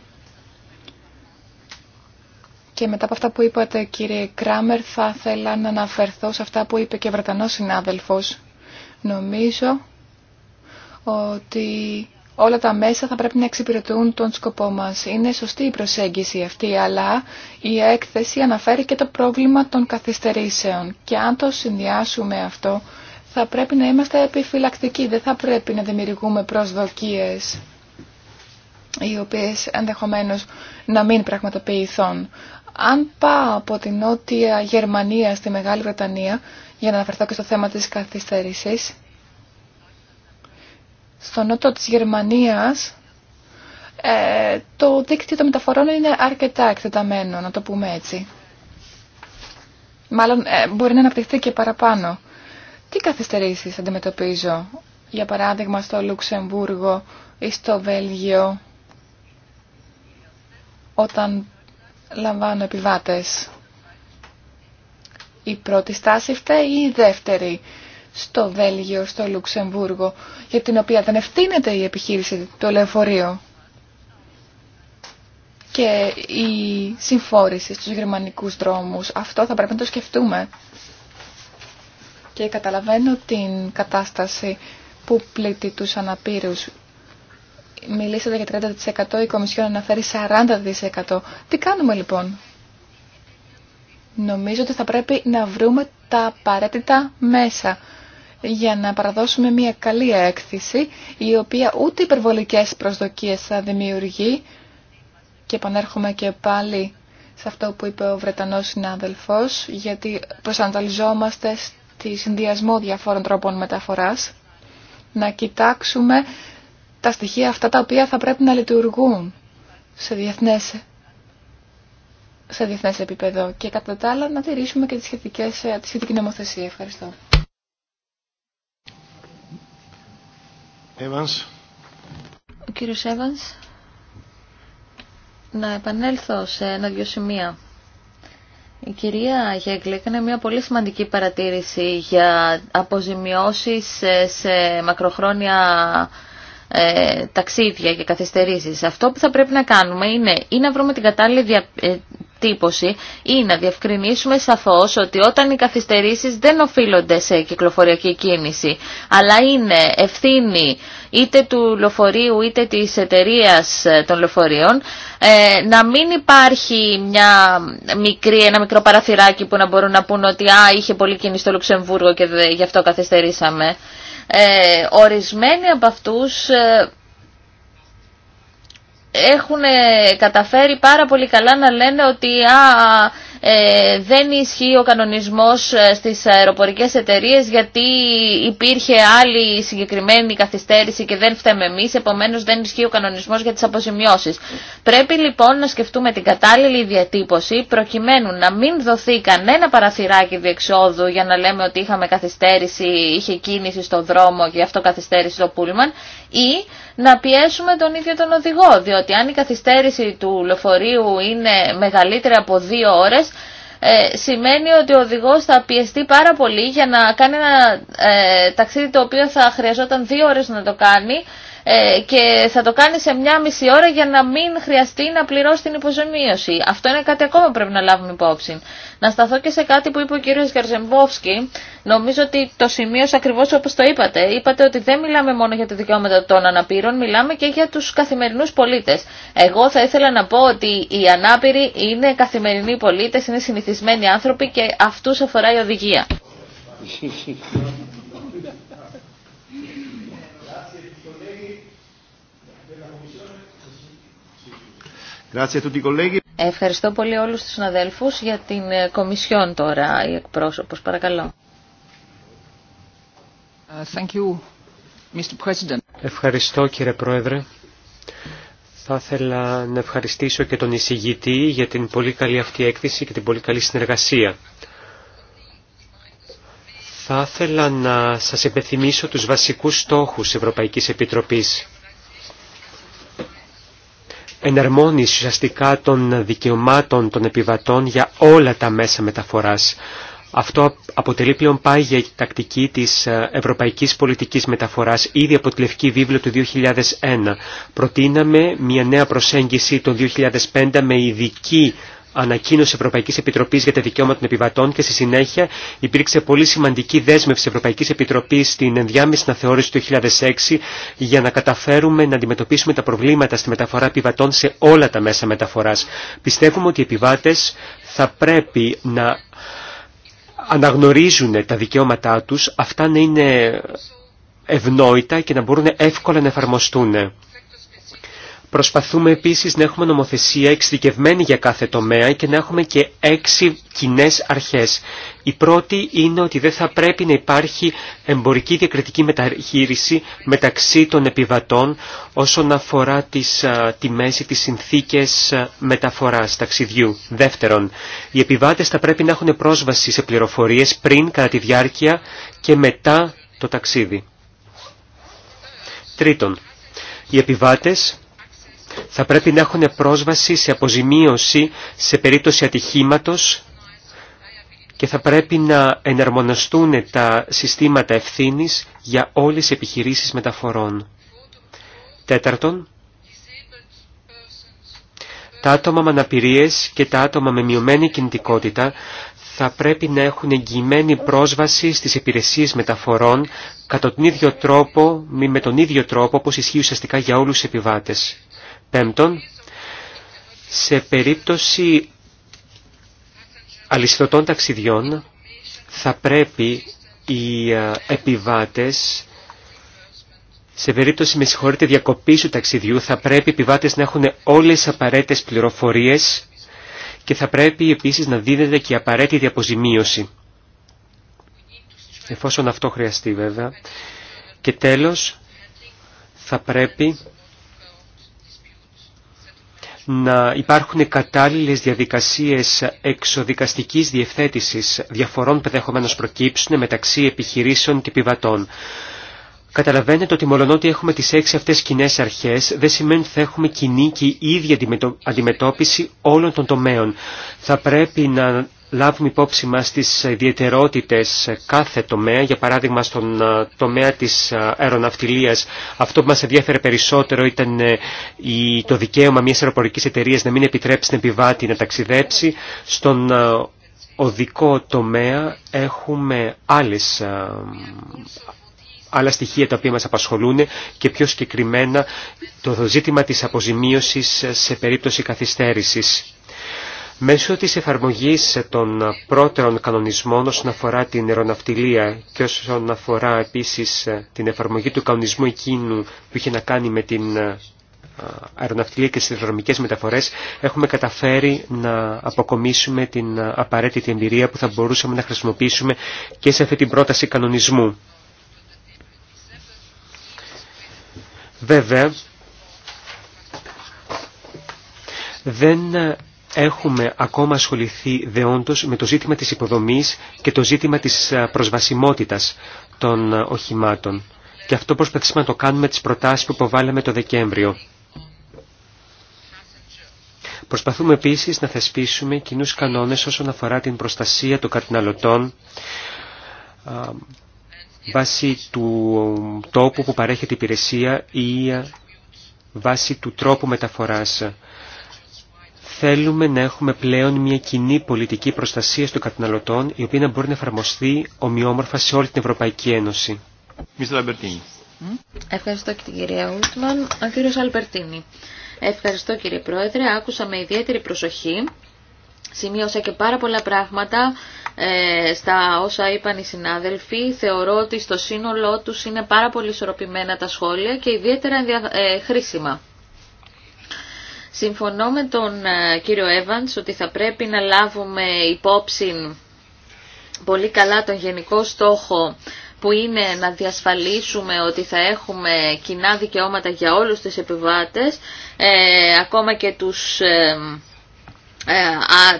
Speaker 3: Και μετά από αυτά που είπατε, κύριε Κράμερ, θα ήθελα να αναφερθώ σε αυτά που είπε και ο Βρετανός συνάδελφος. Νομίζω ότι όλα τα μέσα θα πρέπει να εξυπηρετούν τον σκοπό μας. Είναι σωστή η προσέγγιση αυτή, αλλά η έκθεση αναφέρει και το πρόβλημα των καθυστερήσεων. Και αν το συνδυάσουμε αυτό θα πρέπει να είμαστε επιφυλακτικοί, δεν θα πρέπει να δημιουργούμε προσδοκίες οι οποίες ενδεχομένως να μην πραγματοποιηθούν. Αν πάω από την Νότια Γερμανία στη Μεγάλη Βρετανία, για να αναφερθώ και στο θέμα της καθυστέρησης, στο νότο της Γερμανίας ε, το δίκτυο των μεταφορών είναι αρκετά εκτεταμένο, να το πούμε έτσι. Μάλλον ε, μπορεί να αναπτυχθεί και παραπάνω. Τι καθυστερήσεις αντιμετωπίζω, για παράδειγμα στο Λουξεμβούργο ή στο Βέλγιο, όταν λαμβάνω επιβάτες. Η πρώτη στάση φταίει ή η δεύτερη στο Βέλγιο, στο Λουξεμβούργο, για την οποία δεν ευθύνεται η επιχείρηση του λεωφορείου Και η συμφόρηση στους γερμανικούς δρόμους, αυτό θα πρέπει να το σκεφτούμε και καταλαβαίνω την κατάσταση που πλήττει τους αναπήρους. Μιλήσατε για 30%, η Κομισιόν αναφέρει 40%. Τι κάνουμε λοιπόν. Νομίζω ότι θα πρέπει να βρούμε τα απαραίτητα μέσα για να παραδώσουμε μια καλή έκθεση η οποία ούτε υπερβολικές προσδοκίες θα δημιουργεί και επανέρχομαι και πάλι σε αυτό που είπε ο Βρετανός συνάδελφος γιατί προσανατολιζόμαστε τη συνδυασμό διαφόρων τρόπων μεταφοράς, να κοιτάξουμε τα στοιχεία αυτά τα οποία θα πρέπει να λειτουργούν σε διεθνές, σε διεθνές επίπεδο και κατά τα άλλα να τηρήσουμε και ε, τη σχετική νομοθεσία. Ευχαριστώ.
Speaker 4: Evans.
Speaker 1: Ο κύριος Evans. Να επανέλθω σε ένα-δυο σημεία. Η κυρία Γέγκλη έκανε μια πολύ σημαντική παρατήρηση για αποζημιώσεις ε, σε μακροχρόνια ε, ταξίδια και καθυστερήσεις. Αυτό που θα πρέπει να κάνουμε είναι ή να βρούμε την κατάλληλη δια, ε, ή να διευκρινίσουμε σαφώς ότι όταν οι καθυστερήσεις δεν οφείλονται σε κυκλοφοριακή κίνηση, αλλά είναι ευθύνη είτε του λοφορίου είτε της εταιρεία ε, των λεωφορείων, ε, να μην υπάρχει μια μικρή, ένα μικρό παραθυράκι που να μπορούν να πούν ότι «Α, είχε πολύ κίνηση στο Λουξεμβούργο και γι' αυτό καθυστερήσαμε». Ε, ορισμένοι από αυτούς ε, έχουν καταφέρει πάρα πολύ καλά να λένε ότι α, ε, δεν ισχύει ο κανονισμός ε, στις αεροπορικές εταιρείες γιατί υπήρχε άλλη συγκεκριμένη καθυστέρηση και δεν φταίμε εμείς, επομένως δεν ισχύει ο κανονισμός για τις αποζημιώσεις. Πρέπει λοιπόν να σκεφτούμε την κατάλληλη διατύπωση προκειμένου να μην δοθεί κανένα παραθυράκι διεξόδου για να λέμε ότι είχαμε καθυστέρηση, είχε κίνηση στο δρόμο και αυτό καθυστέρησε το πούλμαν ή να πιέσουμε τον ίδιο τον οδηγό, διότι αν η καθυστέρηση του λεωφορείου είναι μεγαλύτερη από δύο ώρες, ε, σημαίνει ότι ο οδηγός θα πιεστεί πάρα πολύ για να κάνει ένα ε, ταξίδι το οποίο θα χρειαζόταν δύο ώρες να το κάνει ε, και θα το κάνει σε μια μισή ώρα για να μην χρειαστεί να πληρώσει την υποζημίωση. Αυτό είναι κάτι ακόμα που πρέπει να λάβουμε υπόψη. Να σταθώ και σε κάτι που είπε ο κύριος Γερζεμπόφσκι. Νομίζω ότι το σημείο ακριβώς όπως το είπατε. Είπατε ότι δεν μιλάμε μόνο για τα δικαιώματα των αναπήρων, μιλάμε και για τους καθημερινούς πολίτες. Εγώ θα ήθελα να πω ότι οι ανάπηροι είναι καθημερινοί πολίτες, είναι συνηθισμένοι άνθρωποι και αυτούς αφορά η οδηγία. Ευχαριστώ πολύ όλους τους συναδέλφους για την ε, Κομισιόν τώρα, η εκπρόσωπος. Παρακαλώ.
Speaker 3: Uh,
Speaker 2: Ευχαριστώ κύριε Πρόεδρε. Θα ήθελα να ευχαριστήσω και τον εισηγητή για την πολύ καλή αυτή έκθεση και την πολύ καλή συνεργασία. Θα ήθελα να σας επιθυμίσω τους βασικούς στόχους Ευρωπαϊκής Επιτροπής εναρμόνιση ουσιαστικά των δικαιωμάτων των επιβατών για όλα τα μέσα μεταφοράς. Αυτό αποτελεί πλέον πάγια τακτική της ε, ευρωπαϊκής πολιτικής μεταφοράς ήδη από τη Λευκή Βίβλο του 2001. Προτείναμε μια νέα προσέγγιση το 2005 με ειδική ανακοίνωση Ευρωπαϊκής Επιτροπής για τα δικαιώματα των επιβατών και στη συνέχεια υπήρξε πολύ σημαντική δέσμευση Ευρωπαϊκής Επιτροπής στην ενδιάμεση αναθεώρηση του 2006 για να καταφέρουμε να αντιμετωπίσουμε τα προβλήματα στη μεταφορά επιβατών σε όλα τα μέσα μεταφοράς. Πιστεύουμε ότι οι επιβάτες θα πρέπει να αναγνωρίζουν τα δικαιώματά τους, αυτά να είναι ευνόητα και να μπορούν εύκολα να εφαρμοστούν. Προσπαθούμε επίσης να έχουμε νομοθεσία εξειδικευμένη για κάθε τομέα και να έχουμε και έξι κοινέ αρχές. Η πρώτη είναι ότι δεν θα πρέπει να υπάρχει εμπορική διακριτική μεταχείριση μεταξύ των επιβατών όσον αφορά τις τιμές ή τις συνθήκες μεταφοράς ταξιδιού. Δεύτερον, οι επιβάτες θα πρέπει να έχουν πρόσβαση σε πληροφορίες πριν, κατά τη διάρκεια και μετά το ταξίδι. Τρίτον, οι επιβάτες θα πρέπει να έχουν πρόσβαση σε αποζημίωση σε περίπτωση ατυχήματος και θα πρέπει να εναρμονιστούν τα συστήματα ευθύνης για όλες τις επιχειρήσεις μεταφορών. Τέταρτον, τα άτομα με αναπηρίες και τα άτομα με μειωμένη κινητικότητα θα πρέπει να έχουν εγγυημένη πρόσβαση στις υπηρεσίες μεταφορών κατά τον ίδιο τρόπο, με τον ίδιο τρόπο όπως ισχύει ουσιαστικά για όλους τους επιβάτες. Πέμπτον, σε περίπτωση αλυσιδωτών ταξιδιών θα πρέπει οι ε, επιβάτες σε περίπτωση με συγχωρείτε διακοπής του ταξιδιού θα πρέπει οι επιβάτες να έχουν όλες τις απαραίτητες πληροφορίες και θα πρέπει επίσης να δίνεται και η απαραίτητη αποζημίωση. Εφόσον αυτό χρειαστεί βέβαια. Και τέλος θα πρέπει να υπάρχουν κατάλληλες διαδικασίες εξοδικαστικής διευθέτησης διαφορών που να προκύψουν μεταξύ επιχειρήσεων και επιβατών. Καταλαβαίνετε ότι μολονότι έχουμε τις έξι αυτές κοινέ αρχές, δεν σημαίνει ότι θα έχουμε κοινή και ίδια αντιμετώπιση όλων των τομέων. Θα πρέπει να λάβουμε υπόψη μας τις ιδιαιτερότητες κάθε τομέα, για παράδειγμα στον ε, τομέα της ε, αεροναυτιλίας. Αυτό που μας ενδιαφέρε περισσότερο ήταν ε, το δικαίωμα μιας αεροπορικής εταιρείας να μην επιτρέψει την επιβάτη να ταξιδέψει. Στον οδικό τομέα έχουμε άλλες άλλα στοιχεία τα οποία μας απασχολούν και πιο συγκεκριμένα το ζήτημα της αποζημίωσης σε περίπτωση καθυστέρησης. Μέσω της εφαρμογής των πρώτερων κανονισμών όσον αφορά την αεροναυτιλία και όσον αφορά επίσης ε, την εφαρμογή του κανονισμού εκείνου που είχε να κάνει με την ε, αεροναυτιλία και τις δρομικές μεταφορές έχουμε καταφέρει να αποκομίσουμε την απαραίτητη εμπειρία που θα μπορούσαμε να χρησιμοποιήσουμε και σε αυτή την πρόταση κανονισμού. Βέβαια, δεν έχουμε ακόμα ασχοληθεί δεόντως με το ζήτημα της υποδομής και το ζήτημα της ε, προσβασιμότητας των ε, οχημάτων. Και αυτό προσπαθήσαμε να το κάνουμε τις προτάσεις που υποβάλαμε το Δεκέμβριο. Προσπαθούμε επίσης να θεσπίσουμε κοινού κανόνες όσον αφορά την προστασία των καταναλωτών ε, βάσει του τόπου που παρέχεται η υπηρεσία ή βάσει του τρόπου μεταφοράς. Θέλουμε να έχουμε πλέον μια κοινή πολιτική προστασία των καταναλωτών, η οποία να μπορεί να εφαρμοστεί ομοιόμορφα σε όλη την Ευρωπαϊκή Ένωση.
Speaker 1: Ευχαριστώ και την κυρία Ούτμαν. Ευχαριστώ κύριε Πρόεδρε. Άκουσα με ιδιαίτερη προσοχή. Σημείωσα και πάρα πολλά πράγματα ε, στα όσα είπαν οι συνάδελφοι. Θεωρώ ότι στο σύνολό τους είναι πάρα πολύ ισορροπημένα τα σχόλια και ιδιαίτερα ε, χρήσιμα. Συμφωνώ με τον ε, κύριο Εύανς ότι θα πρέπει να λάβουμε υπόψη πολύ καλά τον γενικό στόχο που είναι να διασφαλίσουμε ότι θα έχουμε κοινά δικαιώματα για όλους τους επιβάτες, ε, ακόμα και τους... Ε,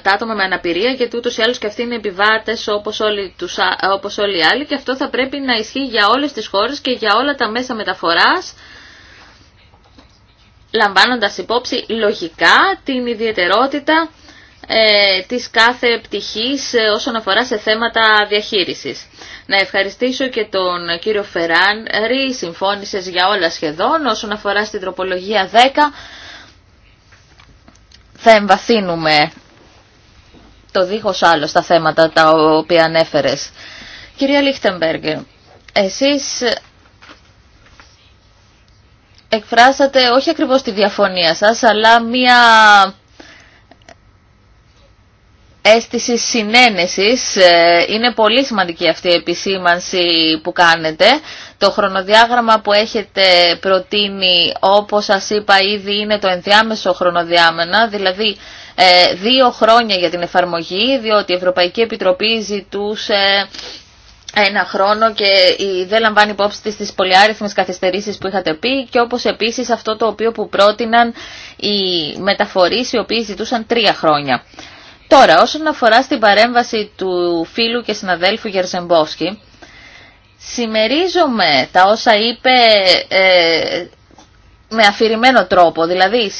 Speaker 1: τα άτομα με αναπηρία γιατί ούτως ή άλλως και αυτοί είναι επιβάτες όπως όλοι, τους, όπως όλοι οι άλλοι και αυτό θα πρέπει να ισχύει για όλες τις χώρες και για όλα τα μέσα μεταφοράς λαμβάνοντας υπόψη λογικά την ιδιαιτερότητα ε, της κάθε πτυχής ε, όσον αφορά σε θέματα διαχείρισης. Να ευχαριστήσω και τον κύριο Ρη, συμφώνησες για όλα σχεδόν, όσον αφορά στην τροπολογία 10 θα εμβαθύνουμε το δίχως άλλο στα θέματα τα οποία ανέφερες. Κυρία Λίχτεμπεργκ, εσείς εκφράσατε όχι ακριβώς τη διαφωνία σας, αλλά μία αίσθηση συνένεσης. Ε, είναι πολύ σημαντική αυτή η επισήμανση που κάνετε. Το χρονοδιάγραμμα που έχετε προτείνει, όπως σας είπα ήδη, είναι το ενδιάμεσο χρονοδιάμενα, δηλαδή ε, δύο χρόνια για την εφαρμογή, διότι η Ευρωπαϊκή Επιτροπή ζητούσε ένα χρόνο και δεν λαμβάνει υπόψη της τις πολυάριθμες καθυστερήσεις που είχατε πει και όπως επίσης αυτό το οποίο που πρότειναν οι μεταφορείς οι οποίοι ζητούσαν τρία χρόνια. Τώρα, όσον αφορά στην παρέμβαση του φίλου και συναδέλφου Γερζεμπόσκη, συμμερίζομαι τα όσα είπε ε, με αφηρημένο τρόπο. Δηλαδή,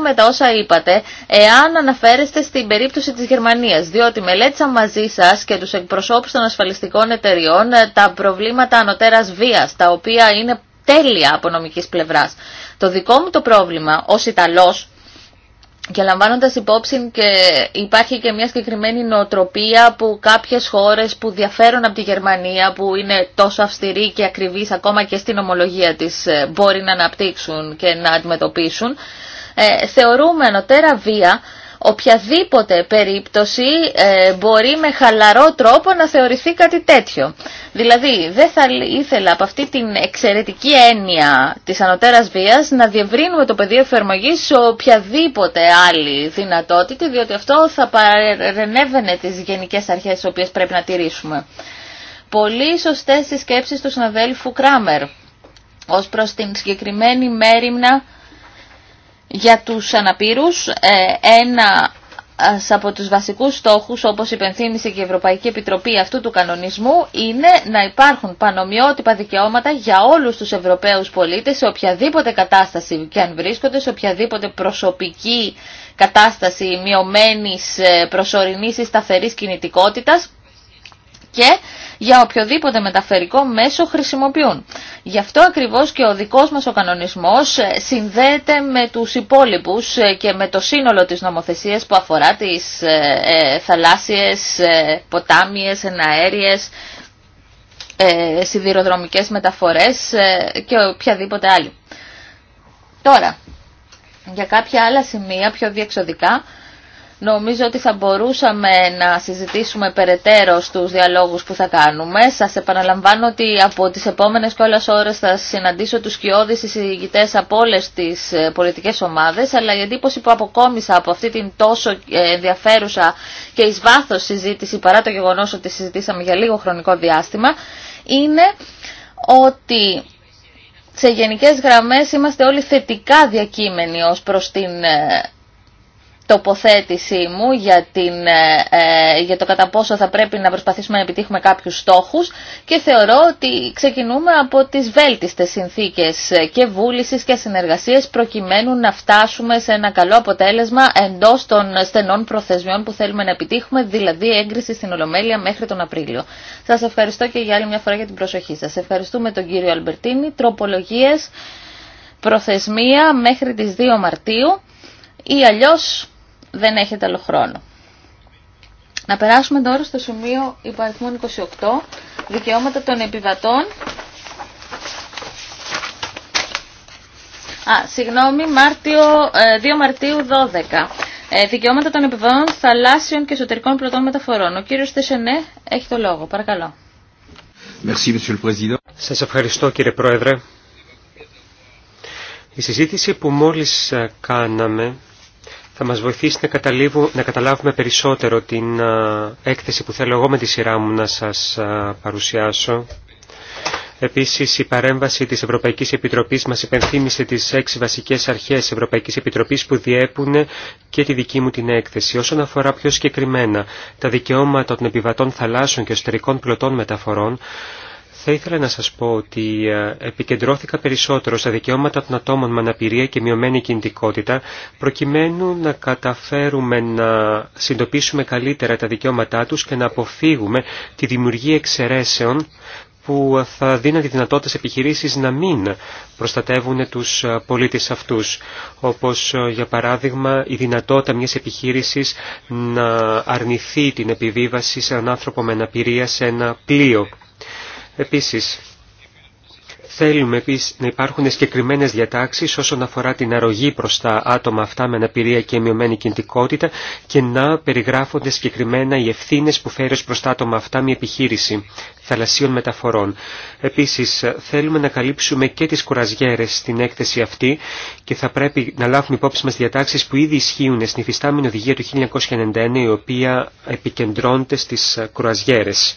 Speaker 1: με τα όσα είπατε, εάν αναφέρεστε στην περίπτωση της Γερμανίας, διότι μελέτησα μαζί σας και τους εκπροσώπους των ασφαλιστικών εταιριών ε, τα προβλήματα ανωτέρας βίας, τα οποία είναι τέλεια από νομικής πλευράς. Το δικό μου το πρόβλημα, ως Ιταλός, και λαμβάνοντας υπόψη και υπάρχει και μια συγκεκριμένη νοοτροπία που κάποιες χώρες που διαφέρουν από τη Γερμανία που είναι τόσο αυστηρή και ακριβής ακόμα και στην ομολογία της ε, μπορεί να αναπτύξουν και να αντιμετωπίσουν, ε, θεωρούμε ανωτέρα βία οποιαδήποτε περίπτωση ε, μπορεί με χαλαρό τρόπο να θεωρηθεί κάτι τέτοιο. Δηλαδή δεν θα ήθελα από αυτή την εξαιρετική έννοια της ανωτέρας βίας να διευρύνουμε το πεδίο εφαρμογή σε οποιαδήποτε άλλη δυνατότητα διότι αυτό θα παρενέβαινε τις γενικές αρχές τις οποίες πρέπει να τηρήσουμε. Πολύ σωστές οι σκέψεις του συναδέλφου Κράμερ ως προς την συγκεκριμένη μέρημνα για τους αναπήρους, ε, ένα από τους βασικούς στόχους, όπως υπενθύμησε και η Ευρωπαϊκή Επιτροπή αυτού του κανονισμού, είναι να υπάρχουν πανομοιότυπα δικαιώματα για όλους τους Ευρωπαίους πολίτες σε οποιαδήποτε κατάσταση και αν βρίσκονται, σε οποιαδήποτε προσωπική κατάσταση μειωμένης ε, προσωρινής ή σταθερής κινητικότητας και για οποιοδήποτε μεταφερικό μέσο χρησιμοποιούν. Γι' αυτό ακριβώς και ο δικός μας ο κανονισμός ε, συνδέεται με τους υπόλοιπους ε, και με το σύνολο της νομοθεσίας που αφορά τις ε, θαλάσσιες, ποτάμιες, εναέριες, σιδηροδρομικές μεταφορές και οποιαδήποτε άλλη. Τώρα, για κάποια άλλα σημεία πιο διεξοδικά Νομίζω ότι θα μπορούσαμε να συζητήσουμε περαιτέρω στους διαλόγους που θα κάνουμε. Σας επαναλαμβάνω ότι από τις επόμενες κιόλας ώρες θα συναντήσω τους κοιόδης συζητητές από όλε τις ε, πολιτικές ομάδες, αλλά η εντύπωση που αποκόμισα από αυτή την τόσο ε, ενδιαφέρουσα και εις βάθος συζήτηση, παρά το γεγονός ότι συζητήσαμε για λίγο χρονικό διάστημα, είναι ότι σε γενικές γραμμές είμαστε όλοι θετικά διακείμενοι ως προς την ε, τοποθέτησή μου για, την, ε, ε, για το κατά πόσο θα πρέπει να προσπαθήσουμε να επιτύχουμε κάποιους στόχους και θεωρώ ότι ξεκινούμε από τις βέλτιστες συνθήκες και βούλησης και συνεργασίες προκειμένου να φτάσουμε σε ένα καλό αποτέλεσμα εντός των στενών προθεσμιών που θέλουμε να επιτύχουμε, δηλαδή έγκριση στην Ολομέλεια μέχρι τον Απρίλιο. Σας ευχαριστώ και για άλλη μια φορά για την προσοχή σας. Ευχαριστούμε τον κύριο Αλμπερτίνη. Τροπολογίες, προθεσμία μέχρι τις 2 Μαρτίου ή αλλιώς δεν έχετε άλλο χρόνο. Να περάσουμε τώρα στο σημείο υπαριθμών 28, δικαιώματα των επιβατών. Α, συγγνώμη, Μάρτιο, 2 ε, Μαρτίου 12. Ε, δικαιώματα των επιβατών θαλάσσιων και εσωτερικών πλωτών μεταφορών. Ο κύριος Τεσενέ έχει το λόγο. Παρακαλώ.
Speaker 2: Σας ευχαριστώ κύριε Πρόεδρε. Η συζήτηση που μόλις ε, κάναμε θα μας βοηθήσει να, να καταλάβουμε περισσότερο την έκθεση που θέλω εγώ με τη σειρά μου να σας παρουσιάσω. Επίσης, η παρέμβαση της Ευρωπαϊκής Επιτροπής μας υπενθύμησε τις έξι βασικές αρχές Ευρωπαϊκής Επιτροπής που διέπουν και τη δική μου την έκθεση. Όσον αφορά πιο συγκεκριμένα τα δικαιώματα των επιβατών θαλάσσων και εσωτερικών πλωτών μεταφορών, θα ήθελα να σας πω ότι ε, επικεντρώθηκα περισσότερο στα δικαιώματα των ατόμων με αναπηρία και μειωμένη κινητικότητα, προκειμένου να καταφέρουμε να συντοπίσουμε καλύτερα τα δικαιώματά τους και να αποφύγουμε τη δημιουργία εξαιρέσεων που θα δίνουν τη δυνατότητα σε επιχειρήσεις να μην προστατεύουν τους ε, πολίτες αυτούς. Όπως ε, για παράδειγμα η δυνατότητα μιας επιχείρησης να αρνηθεί την επιβίβαση σε έναν άνθρωπο με αναπηρία σε ένα πλοίο. Επίσης, θέλουμε επίσης να υπάρχουν συγκεκριμένε διατάξεις όσον αφορά την αρρωγή προς τα άτομα αυτά με αναπηρία και μειωμένη κινητικότητα και να περιγράφονται συγκεκριμένα οι ευθύνες που φέρει προς τα άτομα αυτά μια επιχείρηση θαλασσίων μεταφορών. Επίσης, θέλουμε να καλύψουμε και τις κουραζιέρες στην έκθεση αυτή και θα πρέπει να λάβουμε υπόψη μας διατάξεις που ήδη ισχύουν στην υφιστάμενη οδηγία του 1991 η οποία επικεντρώνεται στις κουραζιέρες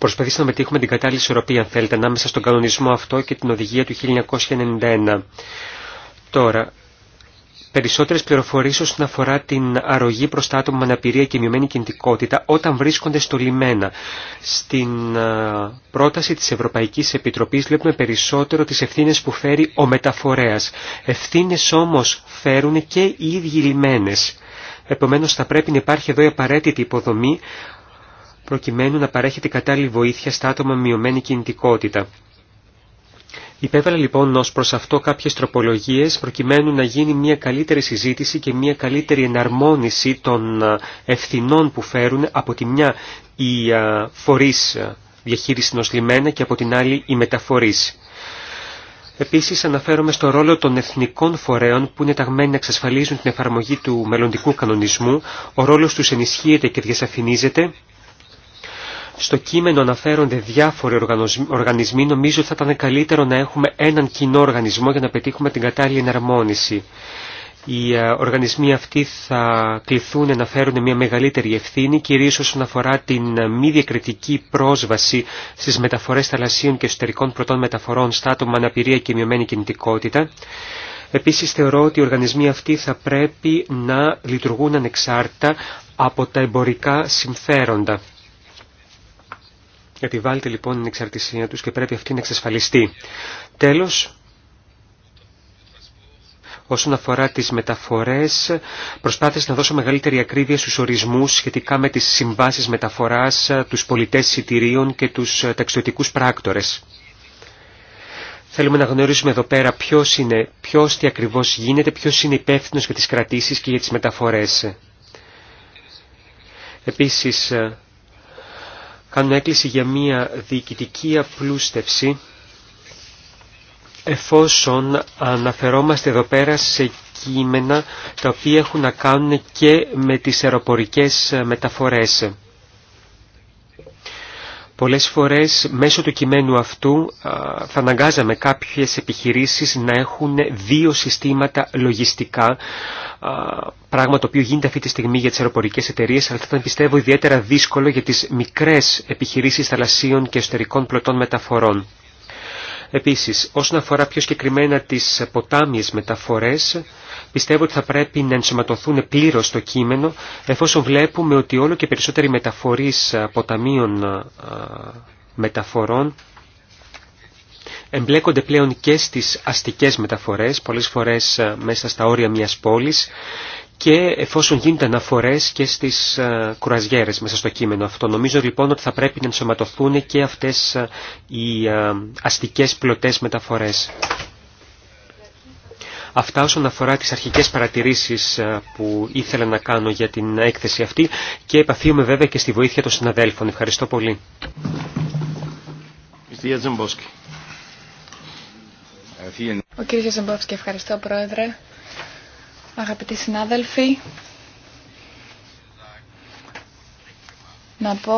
Speaker 2: προσπαθήσαμε να πετύχουμε την κατάλληλη ισορροπία, αν θέλετε, ανάμεσα στον κανονισμό αυτό και την οδηγία του 1991. Τώρα, περισσότερες πληροφορίες όσον αφορά την αρρωγή προς τα άτομα με αναπηρία και μειωμένη κινητικότητα όταν βρίσκονται στο λιμένα. Στην πρόταση της Ευρωπαϊκής Επιτροπής βλέπουμε περισσότερο τις ευθύνες που φέρει ο μεταφορέας. Ευθύνες όμως φέρουν και οι ίδιοι λιμένες. Επομένως θα πρέπει να υπάρχει εδώ η απαραίτητη υποδομή προκειμένου να παρέχεται κατάλληλη βοήθεια στα άτομα με μειωμένη κινητικότητα. Υπέβαλα λοιπόν ως προς αυτό κάποιες τροπολογίες προκειμένου να γίνει μια καλύτερη συζήτηση και μια καλύτερη εναρμόνιση των ευθυνών που φέρουν από τη μια η φορείς διαχείριση νοσλημένα και από την άλλη η μεταφορείς. Επίσης αναφέρομαι στο ρόλο των εθνικών φορέων που είναι ταγμένοι να εξασφαλίζουν την εφαρμογή του μελλοντικού κανονισμού. Ο ρόλος τους ενισχύεται και διασαφηνίζεται στο κείμενο αναφέρονται διάφοροι οργανισμοί, νομίζω θα ήταν καλύτερο να έχουμε έναν κοινό οργανισμό για να πετύχουμε την κατάλληλη εναρμόνιση. Οι ε, οργανισμοί αυτοί θα κληθούν να φέρουν μια μεγαλύτερη ευθύνη, κυρίως όσον αφορά την ε, μη διακριτική πρόσβαση στις μεταφορές θαλασσίων και εσωτερικών πρωτών μεταφορών στα άτομα αναπηρία και μειωμένη κινητικότητα. Επίσης θεωρώ ότι οι οργανισμοί αυτοί θα πρέπει να λειτουργούν ανεξάρτητα από τα εμπορικά συμφέροντα. Επιβάλλεται λοιπόν η εξαρτησία τους και πρέπει αυτή να εξασφαλιστεί. Τέλος, όσον αφορά τις μεταφορές, προσπάθησε να δώσω μεγαλύτερη ακρίβεια στους ορισμούς σχετικά με τις συμβάσεις μεταφοράς, τους πολιτές εισιτηρίων και τους ε, ταξιδιωτικούς πράκτορες. Θέλουμε να γνωρίσουμε εδώ πέρα ποιος είναι, ποιος τι ακριβώς γίνεται, ποιος είναι υπεύθυνος για τις κρατήσεις και για τις μεταφορές. Επίσης, ε, κάνουν έκκληση για μια διοικητική απλούστευση εφόσον αναφερόμαστε εδώ πέρα σε κείμενα τα οποία έχουν να κάνουν και με τις αεροπορικές μεταφορές. Πολλές φορές μέσω του κειμένου αυτού θα αναγκάζαμε κάποιες επιχειρήσεις να έχουν δύο συστήματα λογιστικά, πράγμα το οποίο γίνεται αυτή τη στιγμή για τις αεροπορικές εταιρείες, αλλά θα ήταν πιστεύω ιδιαίτερα δύσκολο για τις μικρές επιχειρήσεις θαλασσίων και εσωτερικών πλωτών μεταφορών. Επίσης, όσον αφορά πιο συγκεκριμένα τις ποτάμιες μεταφορές, πιστεύω ότι θα πρέπει να ενσωματωθούν πλήρως στο κείμενο εφόσον βλέπουμε ότι όλο και περισσότεροι μεταφορείς ε, ποταμίων ε, μεταφορών εμπλέκονται πλέον και στις αστικές μεταφορές, πολλές φορές ε, μέσα στα όρια μιας πόλης και εφόσον γίνονται αναφορές και στις κρουαζιέρες μέσα στο κείμενο αυτό. Νομίζω λοιπόν ότι θα πρέπει να ενσωματωθούν και αυτές οι αστικές πλωτές μεταφορές. Αυτά όσον αφορά τις αρχικές παρατηρήσεις ε, που ήθελα να κάνω για την έκθεση αυτή και επαφίομαι βέβαια και στη βοήθεια των συναδέλφων. Ευχαριστώ πολύ.
Speaker 3: Ο κύριος Ζεμπόφσκι, ευχαριστώ πρόεδρε. Αγαπητοί συνάδελφοι, να πω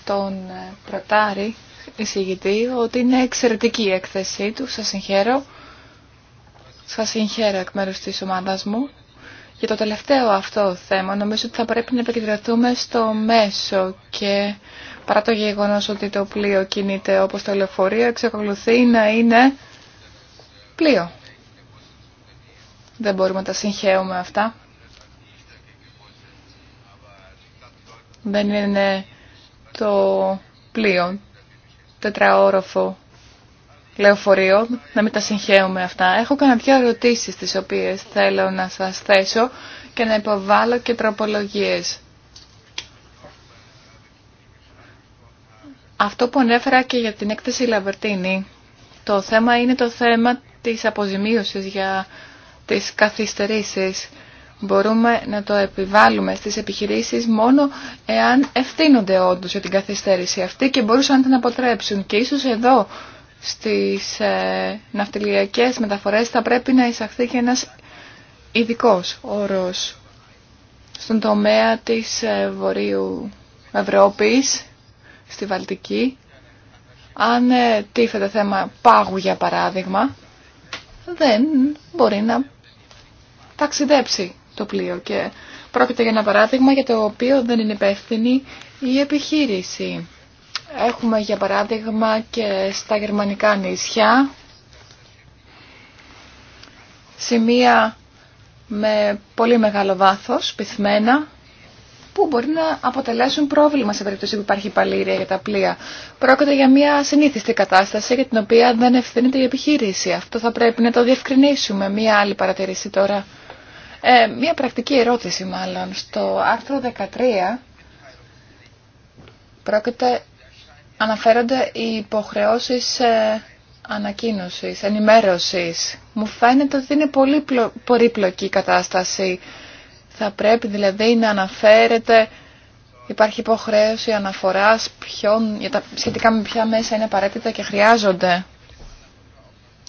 Speaker 3: στον ε, Πρωτάρη εισηγητή ότι είναι εξαιρετική η έκθεσή του, σας συγχαίρω. Σας συγχαίρω εκ μέρου τη ομάδα μου. Για το τελευταίο αυτό θέμα νομίζω ότι θα πρέπει να επικεντρωθούμε στο μέσο και παρά το γεγονό ότι το πλοίο κινείται όπω το λεωφορείο εξακολουθεί να είναι πλοίο. Δεν μπορούμε να τα συγχαίουμε αυτά. Δεν είναι το πλοίο τετραόροφο Λεωφορείο, να μην τα συγχαίουμε αυτά. Έχω κανένα δύο ερωτήσει τις οποίες θέλω να σας θέσω και να υποβάλω και τροπολογίες. Αυτό που ανέφερα και για την έκθεση Λαβερτίνη, το θέμα είναι το θέμα της αποζημίωσης για τις καθυστερήσεις. Μπορούμε να το επιβάλλουμε στις επιχειρήσεις μόνο εάν ευθύνονται όντως για την καθυστέρηση αυτή και μπορούσαν να την αποτρέψουν. Και ίσως εδώ στις ε, ναυτιλιακές μεταφορές θα πρέπει να εισαχθεί και ένας ειδικό όρος στον τομέα της ε, Βορείου Ευρώπης, στη Βαλτική. Αν ε, τίθεται θέμα πάγου για παράδειγμα, δεν μπορεί να ταξιδέψει το πλοίο και πρόκειται για ένα παράδειγμα για το οποίο δεν είναι υπεύθυνη η επιχείρηση. Έχουμε για παράδειγμα και στα γερμανικά νησιά σημεία με πολύ μεγάλο βάθος, πυθμένα, που μπορεί να αποτελέσουν πρόβλημα σε περίπτωση που υπάρχει παλήρια για τα πλοία. Πρόκειται για μια συνήθιστη κατάσταση για την οποία δεν ευθύνεται η επιχείρηση. Αυτό θα πρέπει να το διευκρινίσουμε. Μια άλλη παρατηρήση τώρα. Ε, μια πρακτική ερώτηση μάλλον. Στο άρθρο 13 πρόκειται αναφέρονται οι υποχρεώσεις ε, ανακοίνωσης, ενημέρωσης. Μου φαίνεται ότι είναι πολύ πολύπλοκη η κατάσταση. Θα πρέπει δηλαδή να αναφέρεται, υπάρχει υποχρέωση αναφοράς σχετικά με ποια μέσα είναι απαραίτητα και χρειάζονται.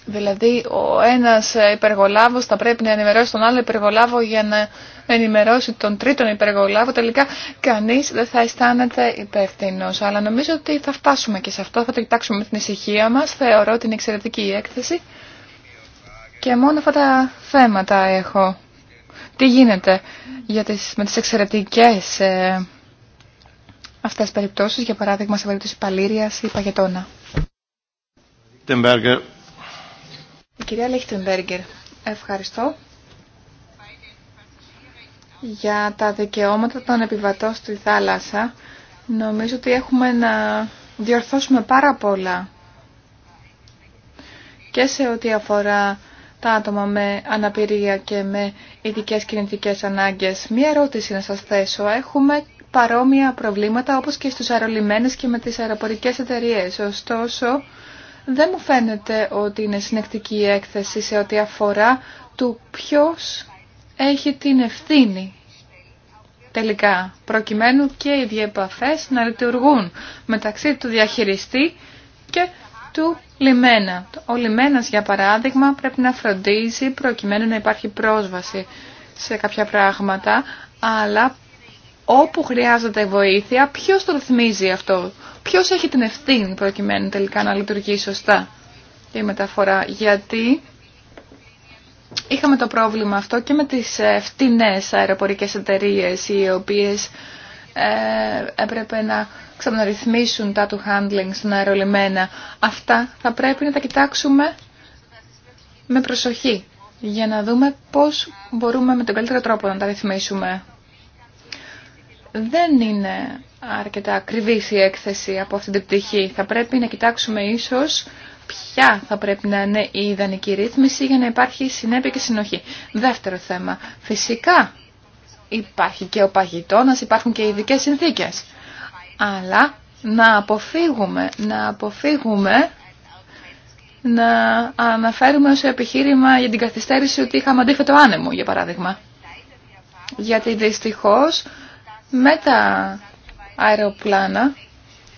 Speaker 3: Δηλαδή ο ένας υπεργολάβος θα πρέπει να ενημερώσει τον άλλο υπεργολάβο για να ενημερώσει τον τρίτον υπεργολάβο. Τελικά κανείς δεν θα αισθάνεται υπεύθυνο. Αλλά νομίζω ότι θα φτάσουμε και σε αυτό, θα το κοιτάξουμε με την ησυχία μας. Θεωρώ ότι είναι εξαιρετική η έκθεση. Και μόνο αυτά τα θέματα έχω. Τι γίνεται για τις, με τις εξαιρετικές ε, αυτές περιπτώσεις, για παράδειγμα σε περίπτωση παλήριας ή παγετώνα. Κυρία Λίχτενμπέργκερ, ευχαριστώ για τα δικαιώματα των επιβατών στη θάλασσα. Νομίζω ότι έχουμε να διορθώσουμε πάρα πολλά και σε ό,τι αφορά τα άτομα με αναπηρία και με ειδικές κινητικές ανάγκες. Μία ερώτηση να σας θέσω. Έχουμε παρόμοια προβλήματα όπως και στους αερολιμένες και με τις αεροπορικές εταιρείες. Ωστόσο, δεν μου φαίνεται ότι είναι συνεκτική η έκθεση σε ό,τι αφορά του ποιος έχει την ευθύνη τελικά, προκειμένου και οι διεπαφές να λειτουργούν μεταξύ του διαχειριστή και του λιμένα. Ο λιμένας, για παράδειγμα, πρέπει να φροντίζει προκειμένου να υπάρχει πρόσβαση σε κάποια πράγματα, αλλά όπου χρειάζεται βοήθεια, ποιος το ρυθμίζει αυτό. Ποιο έχει την ευθύνη προκειμένου τελικά να λειτουργεί σωστά η μεταφορά, γιατί είχαμε το πρόβλημα αυτό και με τις ε, φτηνέ αεροπορικές εταιρείε, οι οποίες ε, έπρεπε να ξαναρυθμίσουν τα του handling στην αερολιμένα. Αυτά θα πρέπει να τα κοιτάξουμε με προσοχή για να δούμε πώς μπορούμε με τον καλύτερο τρόπο να τα ρυθμίσουμε δεν είναι αρκετά ακριβή η έκθεση από αυτή την πτυχή. Θα πρέπει να κοιτάξουμε ίσως ποια θα πρέπει να είναι η ιδανική ρύθμιση για να υπάρχει συνέπεια και συνοχή. Δεύτερο θέμα. Φυσικά υπάρχει και ο παγιτόνας, υπάρχουν και ειδικέ συνθήκες. Αλλά να αποφύγουμε, να αποφύγουμε να αναφέρουμε ως επιχείρημα για την καθυστέρηση ότι είχαμε αντίθετο άνεμο, για παράδειγμα. Γιατί δυστυχώς με τα αεροπλάνα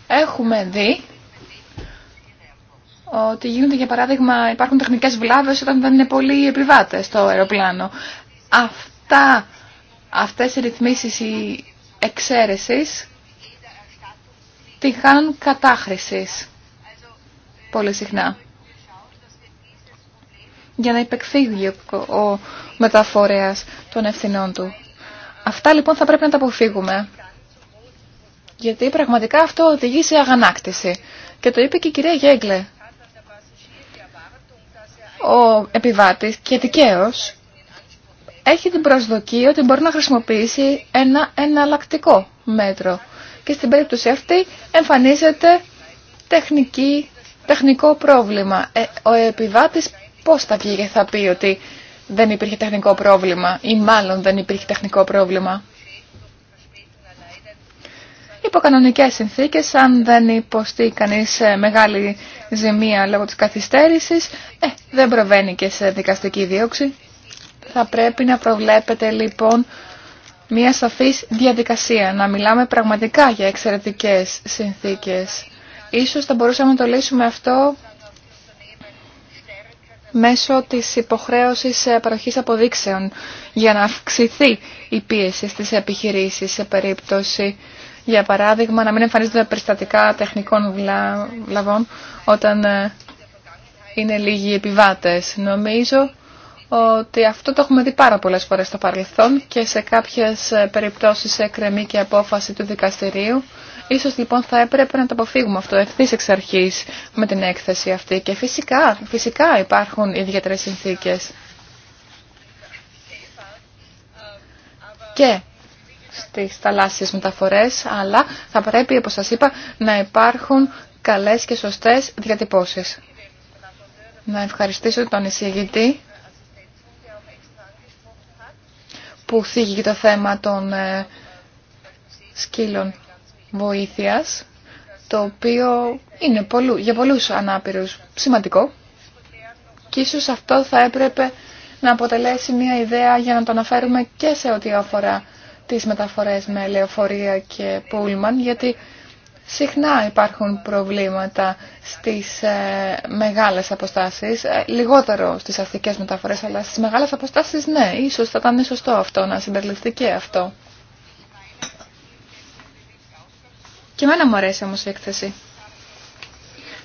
Speaker 3: έχουμε δει ότι γίνονται για παράδειγμα υπάρχουν τεχνικές βλάβες όταν δεν είναι πολύ οι επιβάτες στο αεροπλάνο. Αυτά, αυτές οι ρυθμίσεις οι εξαίρεσεις την χάνουν κατάχρησης πολύ συχνά. Για να υπεκφύγει ο μεταφορέας των ευθυνών του. Αυτά λοιπόν θα πρέπει να τα αποφύγουμε. Γιατί πραγματικά αυτό οδηγεί σε αγανάκτηση. Και το είπε και η κυρία Γέγκλε. Ο επιβάτης και δικαίω έχει την προσδοκία ότι μπορεί να χρησιμοποιήσει ένα εναλλακτικό μέτρο. Και στην περίπτωση αυτή εμφανίζεται τεχνική, τεχνικό πρόβλημα. Ε, ο επιβάτης πώς θα βγει και θα πει ότι δεν υπήρχε τεχνικό πρόβλημα ή μάλλον δεν υπήρχε τεχνικό πρόβλημα. Υπό κανονικές συνθήκες, αν δεν υποστεί κανείς ε, μεγάλη ζημία λόγω της καθυστέρησης, ε, δεν προβαίνει και σε δικαστική δίωξη. Θα πρέπει να προβλέπετε λοιπόν μια σαφής διαδικασία, να μιλάμε πραγματικά για εξαιρετικές συνθήκες. Ίσως θα μπορούσαμε να το λύσουμε αυτό μέσω της υποχρέωσης ε, παροχής αποδείξεων για να αυξηθεί η πίεση στις επιχειρήσεις σε περίπτωση, για παράδειγμα, να μην εμφανίζονται περιστατικά τεχνικών βλαβών όταν ε, είναι λίγοι επιβάτες. Νομίζω ότι αυτό το έχουμε δει πάρα πολλές φορές στο παρελθόν και σε κάποιες ε, περιπτώσεις κρεμή και απόφαση του δικαστηρίου. Ίσως λοιπόν θα έπρεπε να το αποφύγουμε αυτό ευθύς εξ αρχής με την έκθεση αυτή και φυσικά, φυσικά υπάρχουν ιδιαίτερε συνθήκες. Και στις θαλάσσιες μεταφορές, αλλά θα πρέπει, όπως σας είπα, να υπάρχουν καλές και σωστές διατυπώσεις. Να ευχαριστήσω τον εισηγητή που θίγει το θέμα των ε, σκύλων βοήθειας, το οποίο είναι για πολλούς ανάπηρους σημαντικό και ίσως αυτό θα έπρεπε να αποτελέσει μια ιδέα για να το αναφέρουμε και σε ό,τι αφορά τις μεταφορές με λεωφορεία και πούλμαν, γιατί Συχνά υπάρχουν προβλήματα στις ε, μεγάλες αποστάσεις, ε, λιγότερο στις αστικές μεταφορές, αλλά στις μεγάλες αποστάσεις ναι, ίσως θα ήταν σωστό αυτό να συμπεριληφθεί και αυτό. Και εμένα μου αρέσει όμως η έκθεση.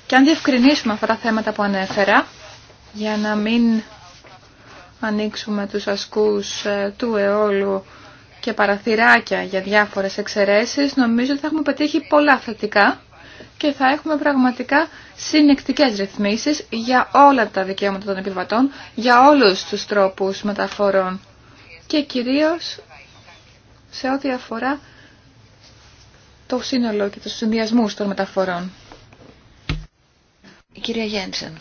Speaker 3: Και αν διευκρινίσουμε αυτά τα θέματα που ανέφερα, για να μην ανοίξουμε τους ασκούς ε, του αιώλου και παραθυράκια για διάφορες εξαιρέσεις, νομίζω ότι θα έχουμε πετύχει πολλά θετικά και θα έχουμε πραγματικά συνεκτικές ρυθμίσεις για όλα τα δικαιώματα των επιβατών, για όλους τους τρόπους μεταφορών και κυρίως σε ό,τι αφορά το σύνολο και τους συνδυασμού των μεταφορών. Η κυρία
Speaker 1: Γέντσεν.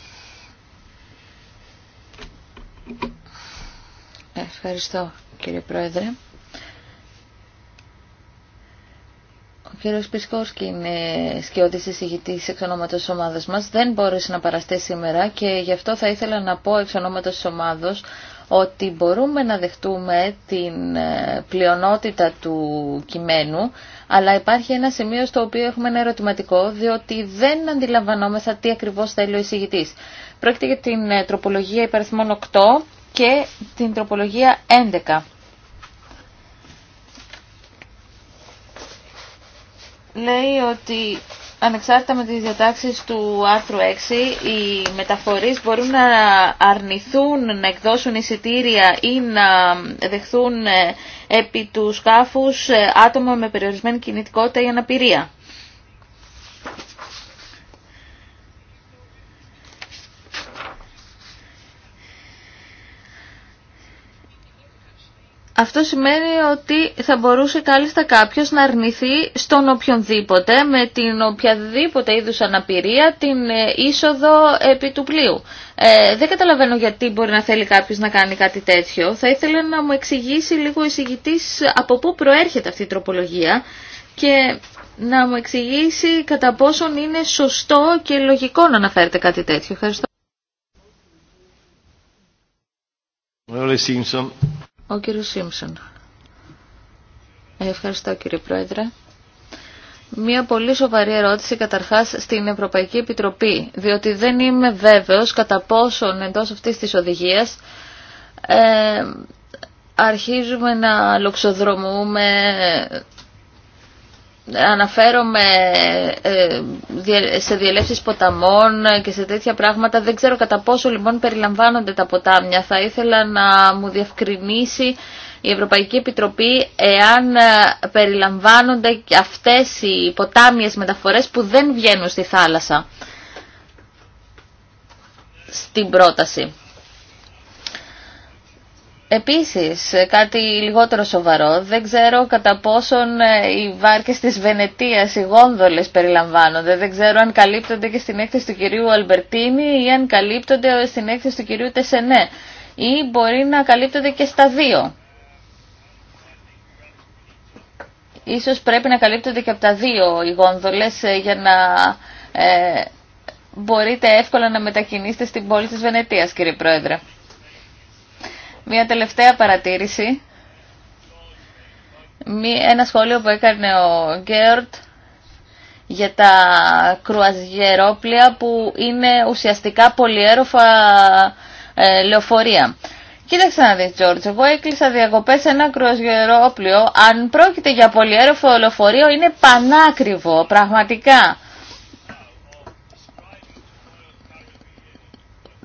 Speaker 1: Ευχαριστώ κύριε Πρόεδρε. Ο κύριος Πισκόσκι είναι σκιώδη εισηγητής εξ ονόματο τη ομάδα μα Δεν μπόρεσε να παραστεί σήμερα και γι' αυτό θα ήθελα να πω εξ ονόματο τη ομάδος ότι μπορούμε να δεχτούμε την ε, πλειονότητα του κειμένου, αλλά υπάρχει ένα σημείο στο οποίο έχουμε ένα ερωτηματικό, διότι δεν αντιλαμβανόμεθα τι ακριβώς θέλει ο εισηγητής. Πρόκειται για την ε, τροπολογία υπαριθμών 8 και την τροπολογία 11 λέει ότι ανεξάρτητα με τις διατάξεις του άρθρου 6, οι μεταφορείς μπορούν να αρνηθούν, να εκδώσουν εισιτήρια ή να δεχθούν ε, επί του σκάφους ε, άτομα με περιορισμένη κινητικότητα ή αναπηρία. Αυτό σημαίνει ότι θα μπορούσε κάλλιστα κάποιος να αρνηθεί στον οποιονδήποτε με την οποιαδήποτε είδους αναπηρία την ε, είσοδο επί του πλοίου. Ε, δεν καταλαβαίνω γιατί μπορεί να θέλει κάποιος να κάνει κάτι τέτοιο. Θα ήθελα να μου εξηγήσει λίγο ο εισηγητής από πού προέρχεται αυτή η τροπολογία και να μου εξηγήσει κατά πόσον είναι σωστό και λογικό να αναφέρεται κάτι τέτοιο. Ευχαριστώ. Ο κύριος Σίμψον. Ευχαριστώ κύριε Πρόεδρε. Μία πολύ σοβαρή ερώτηση καταρχάς στην Ευρωπαϊκή Επιτροπή, διότι δεν είμαι βέβαιος κατά πόσον εντός αυτής της οδηγίας ε, αρχίζουμε να λοξοδρομούμε αναφέρομαι ε, σε διελεύσεις ποταμών και σε τέτοια πράγματα. Δεν ξέρω κατά πόσο λοιπόν περιλαμβάνονται τα ποτάμια. Θα ήθελα να μου διευκρινίσει η Ευρωπαϊκή Επιτροπή εάν ε, περιλαμβάνονται και αυτές οι ποτάμιες μεταφορές που δεν βγαίνουν στη θάλασσα στην πρόταση. Επίσης, κάτι λιγότερο σοβαρό, δεν ξέρω κατά πόσον ε, οι βάρκες της Βενετίας, οι γόνδολες περιλαμβάνονται, δεν ξέρω αν καλύπτονται και στην έκθεση του κυρίου Αλμπερτίνη ή αν καλύπτονται στην έκθεση του κυρίου Τεσενέ ή μπορεί να καλύπτονται και στα δύο. Ίσως πρέπει να καλύπτονται και από τα δύο οι γόνδολες ε, για να ε, μπορείτε εύκολα να μετακινήσετε στην πόλη της Βενετίας κύριε Πρόεδρε. Μία τελευταία παρατήρηση. Ένα σχόλιο που έκανε ο Γκέρτ για τα κρουαζιερόπλια που είναι ουσιαστικά πολυέροφα ε, λεωφορεία. Κοίταξε να δεις Τζόρτζ, εγώ έκλεισα διακοπές σε ένα κρουαζιερόπλιο. Αν πρόκειται για πολυέροφο λεωφορείο είναι πανάκριβο, πραγματικά.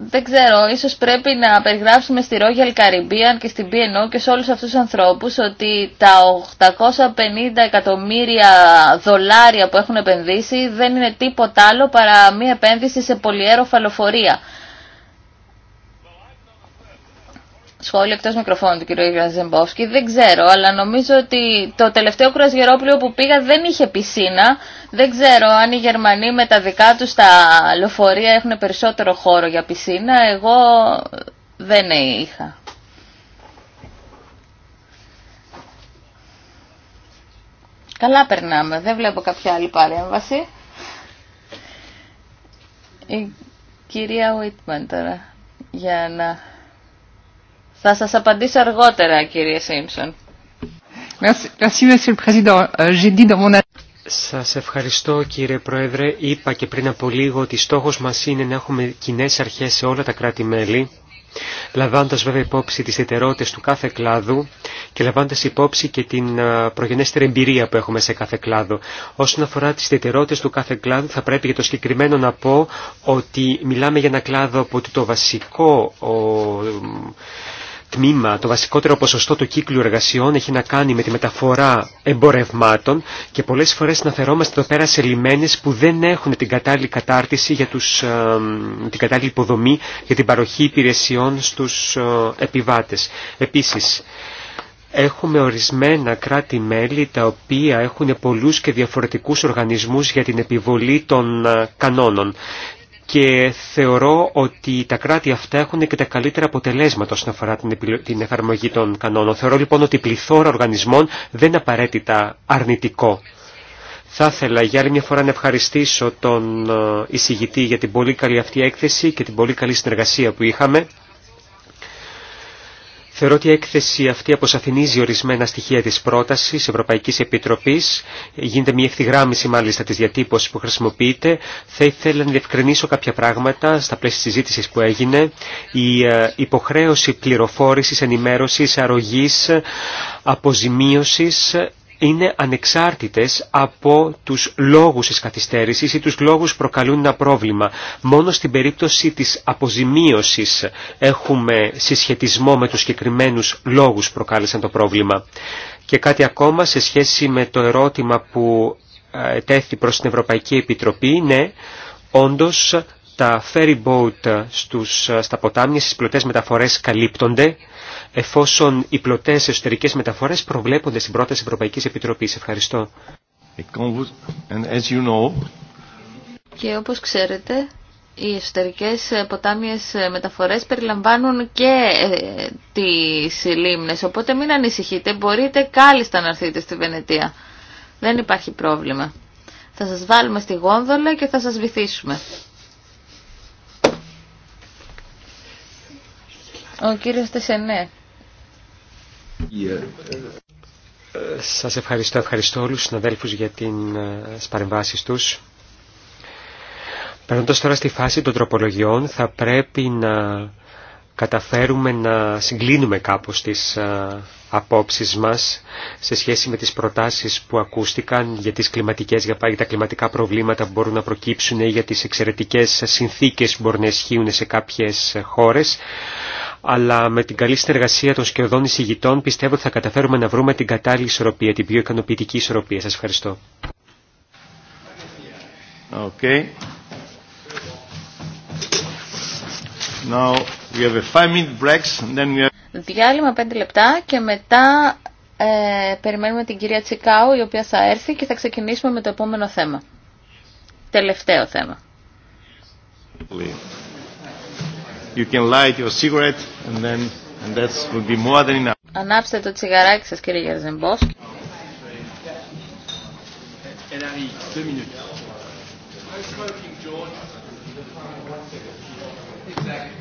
Speaker 1: δεν ξέρω, ίσως πρέπει να περιγράψουμε στη Royal Caribbean και στην BNO και σε όλους αυτούς τους ανθρώπους ότι τα 850 εκατομμύρια δολάρια που έχουν επενδύσει δεν είναι τίποτα άλλο παρά μία επένδυση σε πολυέροφα Σχόλιο εκτός μικροφώνου του κ. Γραζεμπόφσκι. Δεν ξέρω, αλλά νομίζω ότι το τελευταίο κρουαζιερόπλοιο που πήγα δεν είχε πισίνα. Δεν ξέρω αν οι Γερμανοί με τα δικά τους τα λεωφορεία έχουν περισσότερο χώρο για πισίνα. Εγώ δεν είχα. Καλά περνάμε. Δεν βλέπω κάποια άλλη παρέμβαση. Η κυρία Βίτμαν τώρα για να θα σας απαντήσω αργότερα, κύριε Σίμψον.
Speaker 2: Euh, σας ευχαριστώ κύριε Πρόεδρε. Είπα και πριν από λίγο ότι στόχος μας είναι να έχουμε κοινέ αρχές σε όλα τα κράτη-μέλη, λαμβάνοντας βέβαια υπόψη τις ιτερότητες του κάθε κλάδου και λαμβάνοντας υπόψη και την προγενέστερη εμπειρία που έχουμε σε κάθε κλάδο. Όσον αφορά τις ιτερότητες του κάθε κλάδου θα πρέπει για το συγκεκριμένο να πω ότι μιλάμε για ένα κλάδο από το βασικό τμήμα, το βασικότερο ποσοστό του κύκλου εργασιών έχει να κάνει με τη μεταφορά εμπορευμάτων και πολλές φορές αναφερόμαστε εδώ πέρα σε λιμένες που δεν έχουν την κατάλληλη κατάρτιση, για τους, ε, την κατάλληλη υποδομή για την παροχή υπηρεσιών στους ε, επιβάτες. Επίσης, Έχουμε ορισμένα κράτη-μέλη τα οποία έχουν πολλούς και διαφορετικούς οργανισμούς για την επιβολή των ε, κανόνων και θεωρώ ότι τα κράτη αυτά έχουν και τα καλύτερα αποτελέσματα όσον αφορά την εφαρμογή των κανόνων. Θεωρώ λοιπόν ότι η πληθώρα οργανισμών δεν είναι απαραίτητα αρνητικό. Θα ήθελα για άλλη μια φορά να ευχαριστήσω τον ε, εισηγητή για την πολύ καλή αυτή έκθεση και την πολύ καλή συνεργασία που είχαμε. Θεωρώ ότι η έκθεση αυτή αποσαφηνίζει ορισμένα στοιχεία της πρότασης Ευρωπαϊκής Επιτροπής. Γίνεται μια ευθυγράμμιση μάλιστα της διατύπωσης που χρησιμοποιείται. Θα ήθελα να διευκρινίσω κάποια πράγματα στα πλαίσια συζήτηση που έγινε. Η ε, υποχρέωση πληροφόρησης, ενημέρωσης, αρρωγής, αποζημίωσης είναι ανεξάρτητες από τους λόγους της καθυστέρησης ή τους λόγους προκαλούν ένα πρόβλημα. Μόνο στην περίπτωση της αποζημίωσης έχουμε συσχετισμό με τους συγκεκριμένου λόγους προκάλεσαν το πρόβλημα. Και κάτι ακόμα σε σχέση με το ερώτημα που ε, τέθη προς την Ευρωπαϊκή Επιτροπή, ναι, όντως τα ferry boat στους, ε, στα ποτάμια, στις πλωτές μεταφορές καλύπτονται εφόσον οι πλωτές εσωτερικές μεταφορές προβλέπονται στην πρόταση Ευρωπαϊκής Επιτροπής. Ευχαριστώ.
Speaker 1: Και όπως ξέρετε, οι εσωτερικές ε, ποτάμιες ε, μεταφορές περιλαμβάνουν και ε, τις λίμνες, οπότε μην ανησυχείτε, μπορείτε κάλλιστα να έρθετε στη Βενετία. Δεν υπάρχει πρόβλημα. Θα σας βάλουμε στη γόνδολα και θα σας βυθίσουμε. Ο κύριος Τεσενέ.
Speaker 2: Σας ευχαριστώ, ευχαριστώ όλους τους συναδέλφους για την ε, παρεμβάσεις τους. Περνώντας τώρα στη φάση των τροπολογιών θα πρέπει να καταφέρουμε να συγκλίνουμε κάπως τις απόψεις μας σε σχέση με τις προτάσεις που ακούστηκαν για τις κλιματικές, για τα κλιματικά προβλήματα που μπορούν να προκύψουν ή για τις εξαιρετικές συνθήκες που μπορούν να ισχύουν σε κάποιες χώρες. Αλλά με την καλή συνεργασία των σκεδών εισηγητών πιστεύω ότι θα καταφέρουμε να βρούμε την κατάλληλη ισορροπία, την πιο ικανοποιητική ισορροπία. Σας ευχαριστώ.
Speaker 4: Now we have a five minute break and then we have...
Speaker 1: Διάλειμμα 5 λεπτά και μετά ε, περιμένουμε την κυρία Τσικάου η οποία θα έρθει και θα ξεκινήσουμε με το επόμενο θέμα. Τελευταίο θέμα.
Speaker 4: You can light your cigarette and then and that will be more than enough.
Speaker 1: Ανάψτε το τσιγαράκι σας κύριε Γερζεμπός.
Speaker 4: Elle arrive, deux minutes. Second.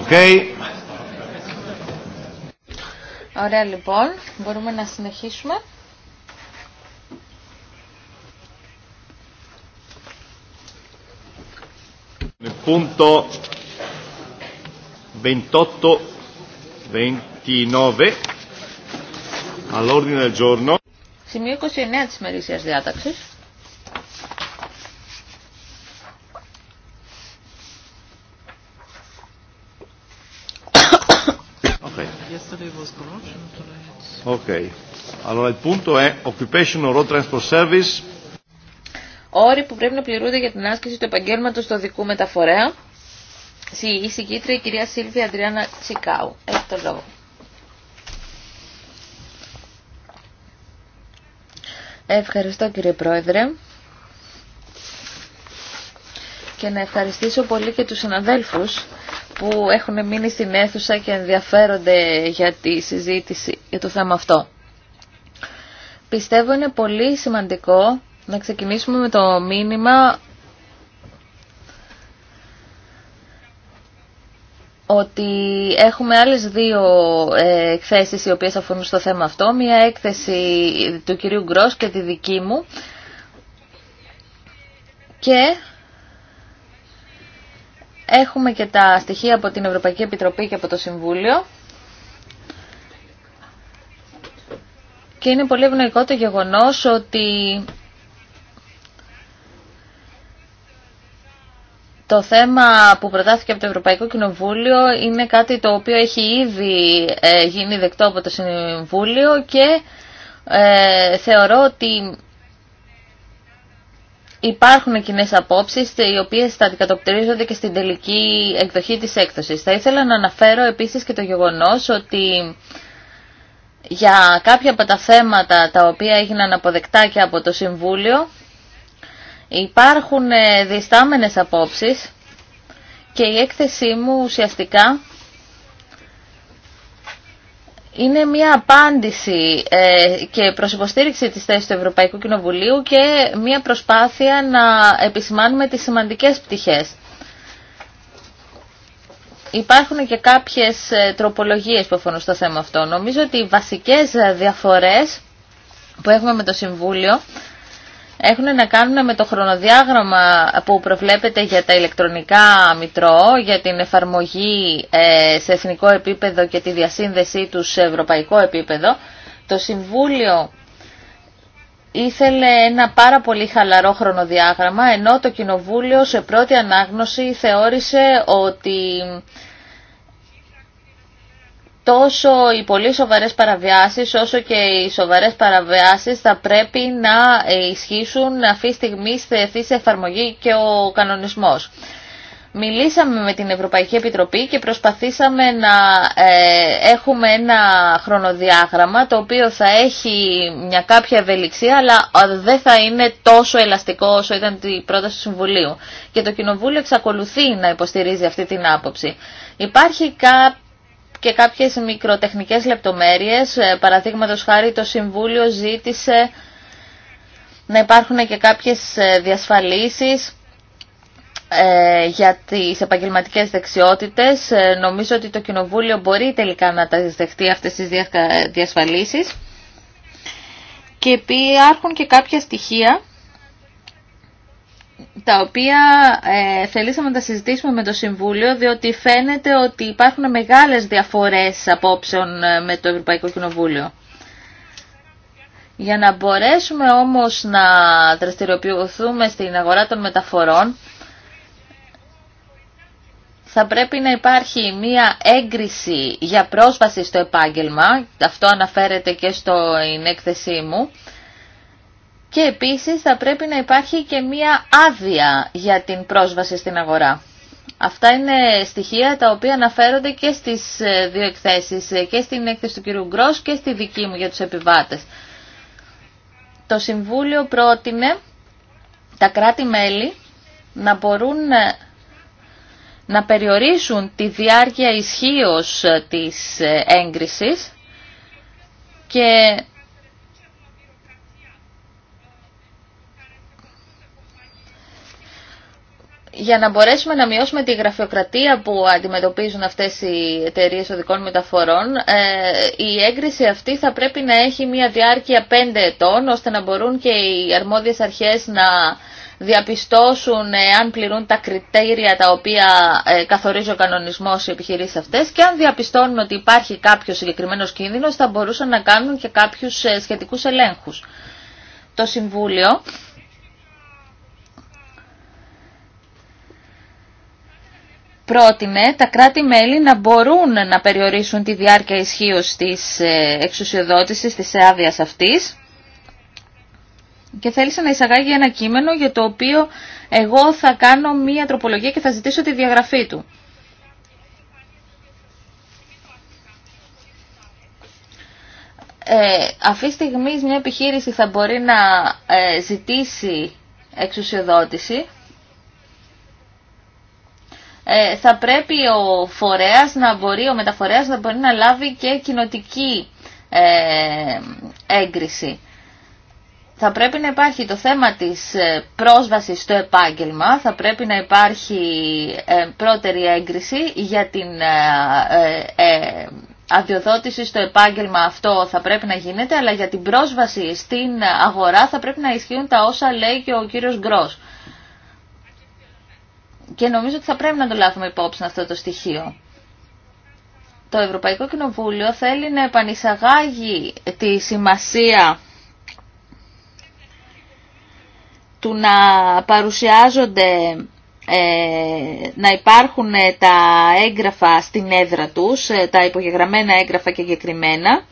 Speaker 4: Okay.
Speaker 1: Ωραία λοιπόν, μπορούμε να συνεχίσουμε.
Speaker 4: πουντο 28-29 all'ordine del
Speaker 1: Σημείο 29 της μερίσιας διάταξης. Ok. Όροι που πρέπει να πληρούνται για την άσκηση του επαγγέλματος στο δικού μεταφορέα. Η συγκήτρια η κυρία Σίλβια Αντριάννα Τσικάου. Έχει το λόγο. Ευχαριστώ κύριε Πρόεδρε και να ευχαριστήσω πολύ και τους συναδέλφους που έχουν μείνει στην αίθουσα και ενδιαφέρονται για τη συζήτηση για το θέμα αυτό. Πιστεύω είναι πολύ σημαντικό να ξεκινήσουμε με το μήνυμα ότι έχουμε άλλες δύο ε, εκθέσεις οι οποίες αφορούν στο θέμα αυτό. Μία έκθεση του κυρίου Γκρός και τη δική μου. Και έχουμε και τα στοιχεία από την Ευρωπαϊκή Επιτροπή και από το Συμβούλιο. και είναι πολύ ευνοϊκό το γεγονός ότι Το θέμα που προτάθηκε από το Ευρωπαϊκό Κοινοβούλιο είναι κάτι το οποίο έχει ήδη ε, γίνει δεκτό από το Συμβούλιο και ε, θεωρώ ότι υπάρχουν κοινέ απόψει οι οποίες θα αντικατοπτρίζονται και στην τελική εκδοχή της έκδοση. Θα ήθελα να αναφέρω επίσης και το γεγονό ότι για κάποια από τα θέματα τα οποία έγιναν αποδεκτά και από το Συμβούλιο υπάρχουν ε, διστάμενες απόψεις και η έκθεσή μου ουσιαστικά είναι μια απάντηση ε, και προς υποστήριξη της θέσης του Ευρωπαϊκού Κοινοβουλίου και μια προσπάθεια να επισημάνουμε τις σημαντικές πτυχές. Υπάρχουν και κάποιες ε, τροπολογίες που αφορούν στο θέμα αυτό. Νομίζω ότι οι βασικές ε, διαφορές που έχουμε με το Συμβούλιο έχουν να κάνουν με το χρονοδιάγραμμα που προβλέπεται για τα ηλεκτρονικά μητρό, για την εφαρμογή ε, σε εθνικό επίπεδο και τη διασύνδεσή του σε ευρωπαϊκό επίπεδο. Το Συμβούλιο ήθελε ένα πάρα πολύ χαλαρό χρονοδιάγραμμα, ενώ το Κοινοβούλιο σε πρώτη ανάγνωση θεώρησε ότι τόσο οι πολύ σοβαρές παραβιάσεις όσο και οι σοβαρές παραβιάσεις θα πρέπει να ισχύσουν αυτή τη στιγμή σε εφαρμογή και ο κανονισμός. Μιλήσαμε με την Ευρωπαϊκή Επιτροπή και προσπαθήσαμε να ε, έχουμε ένα χρονοδιάγραμμα το οποίο θα έχει μια κάποια ευελιξία αλλά ε, δεν θα είναι τόσο ελαστικό όσο ήταν η πρόταση του Συμβουλίου. Και το Κοινοβούλιο εξακολουθεί να υποστηρίζει αυτή την άποψη. Υπάρχει και κάποιες μικροτεχνικές λεπτομέρειες. Ε, Παραδείγματο χάρη το Συμβούλιο ζήτησε να υπάρχουν και κάποιες διασφαλίσεις ε, για τις επαγγελματικές δεξιότητες. Ε, νομίζω ότι το Κοινοβούλιο μπορεί τελικά να τα δεχτεί αυτές τις διασφαλίσεις. Και υπάρχουν και κάποια στοιχεία τα οποία ε, θελήσαμε να τα συζητήσουμε με το Συμβούλιο, διότι φαίνεται ότι υπάρχουν μεγάλες διαφορές απόψεων ε, με το Ευρωπαϊκό Κοινοβούλιο. Για να μπορέσουμε όμως να δραστηριοποιηθούμε στην αγορά των μεταφορών, θα πρέπει να υπάρχει μία έγκριση για πρόσβαση στο επάγγελμα, αυτό αναφέρεται και στο έκθεσή μου, και επίσης θα πρέπει να υπάρχει και μία άδεια για την πρόσβαση στην αγορά. Αυτά είναι στοιχεία τα οποία αναφέρονται και στις ε, δύο εκθέσεις, ε, και στην έκθεση του κυρίου Γκρός και στη δική μου για τους επιβάτες. Το Συμβούλιο πρότεινε τα κράτη-μέλη να μπορούν ε, να περιορίσουν τη διάρκεια ισχύως της έγκρισης και για να μπορέσουμε να μειώσουμε τη γραφειοκρατία που αντιμετωπίζουν αυτές οι εταιρείε οδικών μεταφορών, ε, η έγκριση αυτή θα πρέπει να έχει μια διάρκεια 5 ετών, ώστε να μπορούν και οι αρμόδιες αρχές να διαπιστώσουν ε, αν πληρούν τα κριτήρια τα οποία ε, καθορίζει ο κανονισμός οι επιχειρήσεις αυτές και αν διαπιστώνουν ότι υπάρχει κάποιο συγκεκριμένος κίνδυνος θα μπορούσαν να κάνουν και κάποιους ε, σχετικούς ελέγχους. Το Συμβούλιο πρότεινε τα κράτη-μέλη να μπορούν να περιορίσουν τη διάρκεια ισχύω της εξουσιοδότησης της άδεια αυτής και θέλησε να εισαγάγει ένα κείμενο για το οποίο εγώ θα κάνω μία τροπολογία και θα ζητήσω τη διαγραφή του. Ε, αυτή τη στιγμή μια επιχείρηση θα μπορεί να ε, ζητήσει εξουσιοδότηση. Ε, θα πρέπει ο φορέας να μπορεί, ο μεταφορέας να μπορεί να λάβει και κοινοτική ε, έγκριση θα πρέπει να υπάρχει το θέμα της ε, πρόσβασης στο επάγγελμα, θα πρέπει να υπάρχει ε, πρώτερη έγκριση για την ε, αδειοδότηση στο επάγγελμα αυτό θα πρέπει να γίνεται, αλλά για την πρόσβαση στην αγορά θα πρέπει να ισχύουν τα όσα λέει και ο κύριος Γκρός. Και νομίζω ότι θα πρέπει να το λάβουμε υπόψη αυτό το στοιχείο. Το Ευρωπαϊκό Κοινοβούλιο θέλει να επανεισαγάγει τη σημασία του να παρουσιάζονται, ε, να υπάρχουν ε, τα έγγραφα στην έδρα τους, ε, τα υπογεγραμμένα έγγραφα και εγκεκριμένα,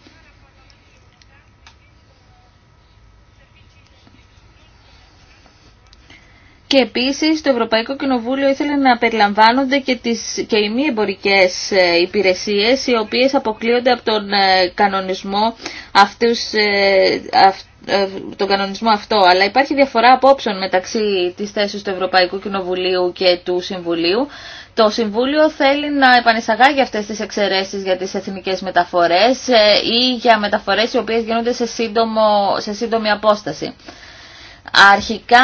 Speaker 1: Και επίσης το Ευρωπαϊκό Κοινοβούλιο ήθελε να περιλαμβάνονται και, τις, και οι μη εμπορικές υπηρεσίες οι οποίες αποκλείονται από τον κανονισμό αυτούς ε, τον κανονισμό αυτό, αλλά υπάρχει διαφορά απόψεων μεταξύ της θέσης του Ευρωπαϊκού Κοινοβουλίου και του Συμβουλίου. Το Συμβούλιο θέλει να επανεισαγάγει αυτές τις εξαιρέσεις για τις εθνικές μεταφορές ε, ή για μεταφορές οι οποίες γίνονται σε, σύντομο, σε σύντομη απόσταση. Αρχικά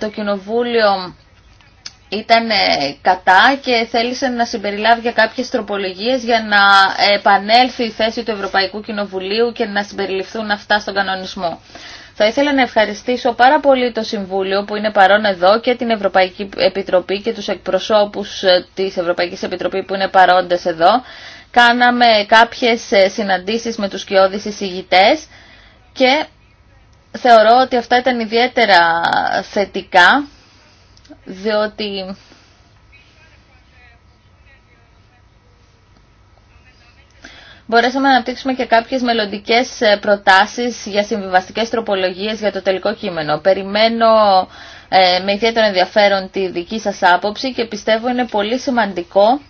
Speaker 1: το Κοινοβούλιο ήταν ε, κατά και θέλησε να συμπεριλάβει για κάποιες τροπολογίες για να επανέλθει η θέση του Ευρωπαϊκού Κοινοβουλίου και να συμπεριληφθούν αυτά στον κανονισμό. Θα ήθελα να ευχαριστήσω πάρα πολύ το Συμβούλιο που είναι παρόν εδώ και την Ευρωπαϊκή Επιτροπή και τους εκπροσώπους ε, της Ευρωπαϊκής Επιτροπής που είναι παρόντες εδώ. Κάναμε κάποιες ε, συναντήσεις με τους κοιόδης εισηγητές και θεωρώ ότι αυτά ήταν ιδιαίτερα θετικά διότι μπορέσαμε να αναπτύξουμε και κάποιες μελλοντικέ ε, προτάσεις για συμβιβαστικές τροπολογίες για το τελικό κείμενο. Περιμένω ε, με ιδιαίτερο ενδιαφέρον τη δική σας άποψη και πιστεύω είναι πολύ σημαντικό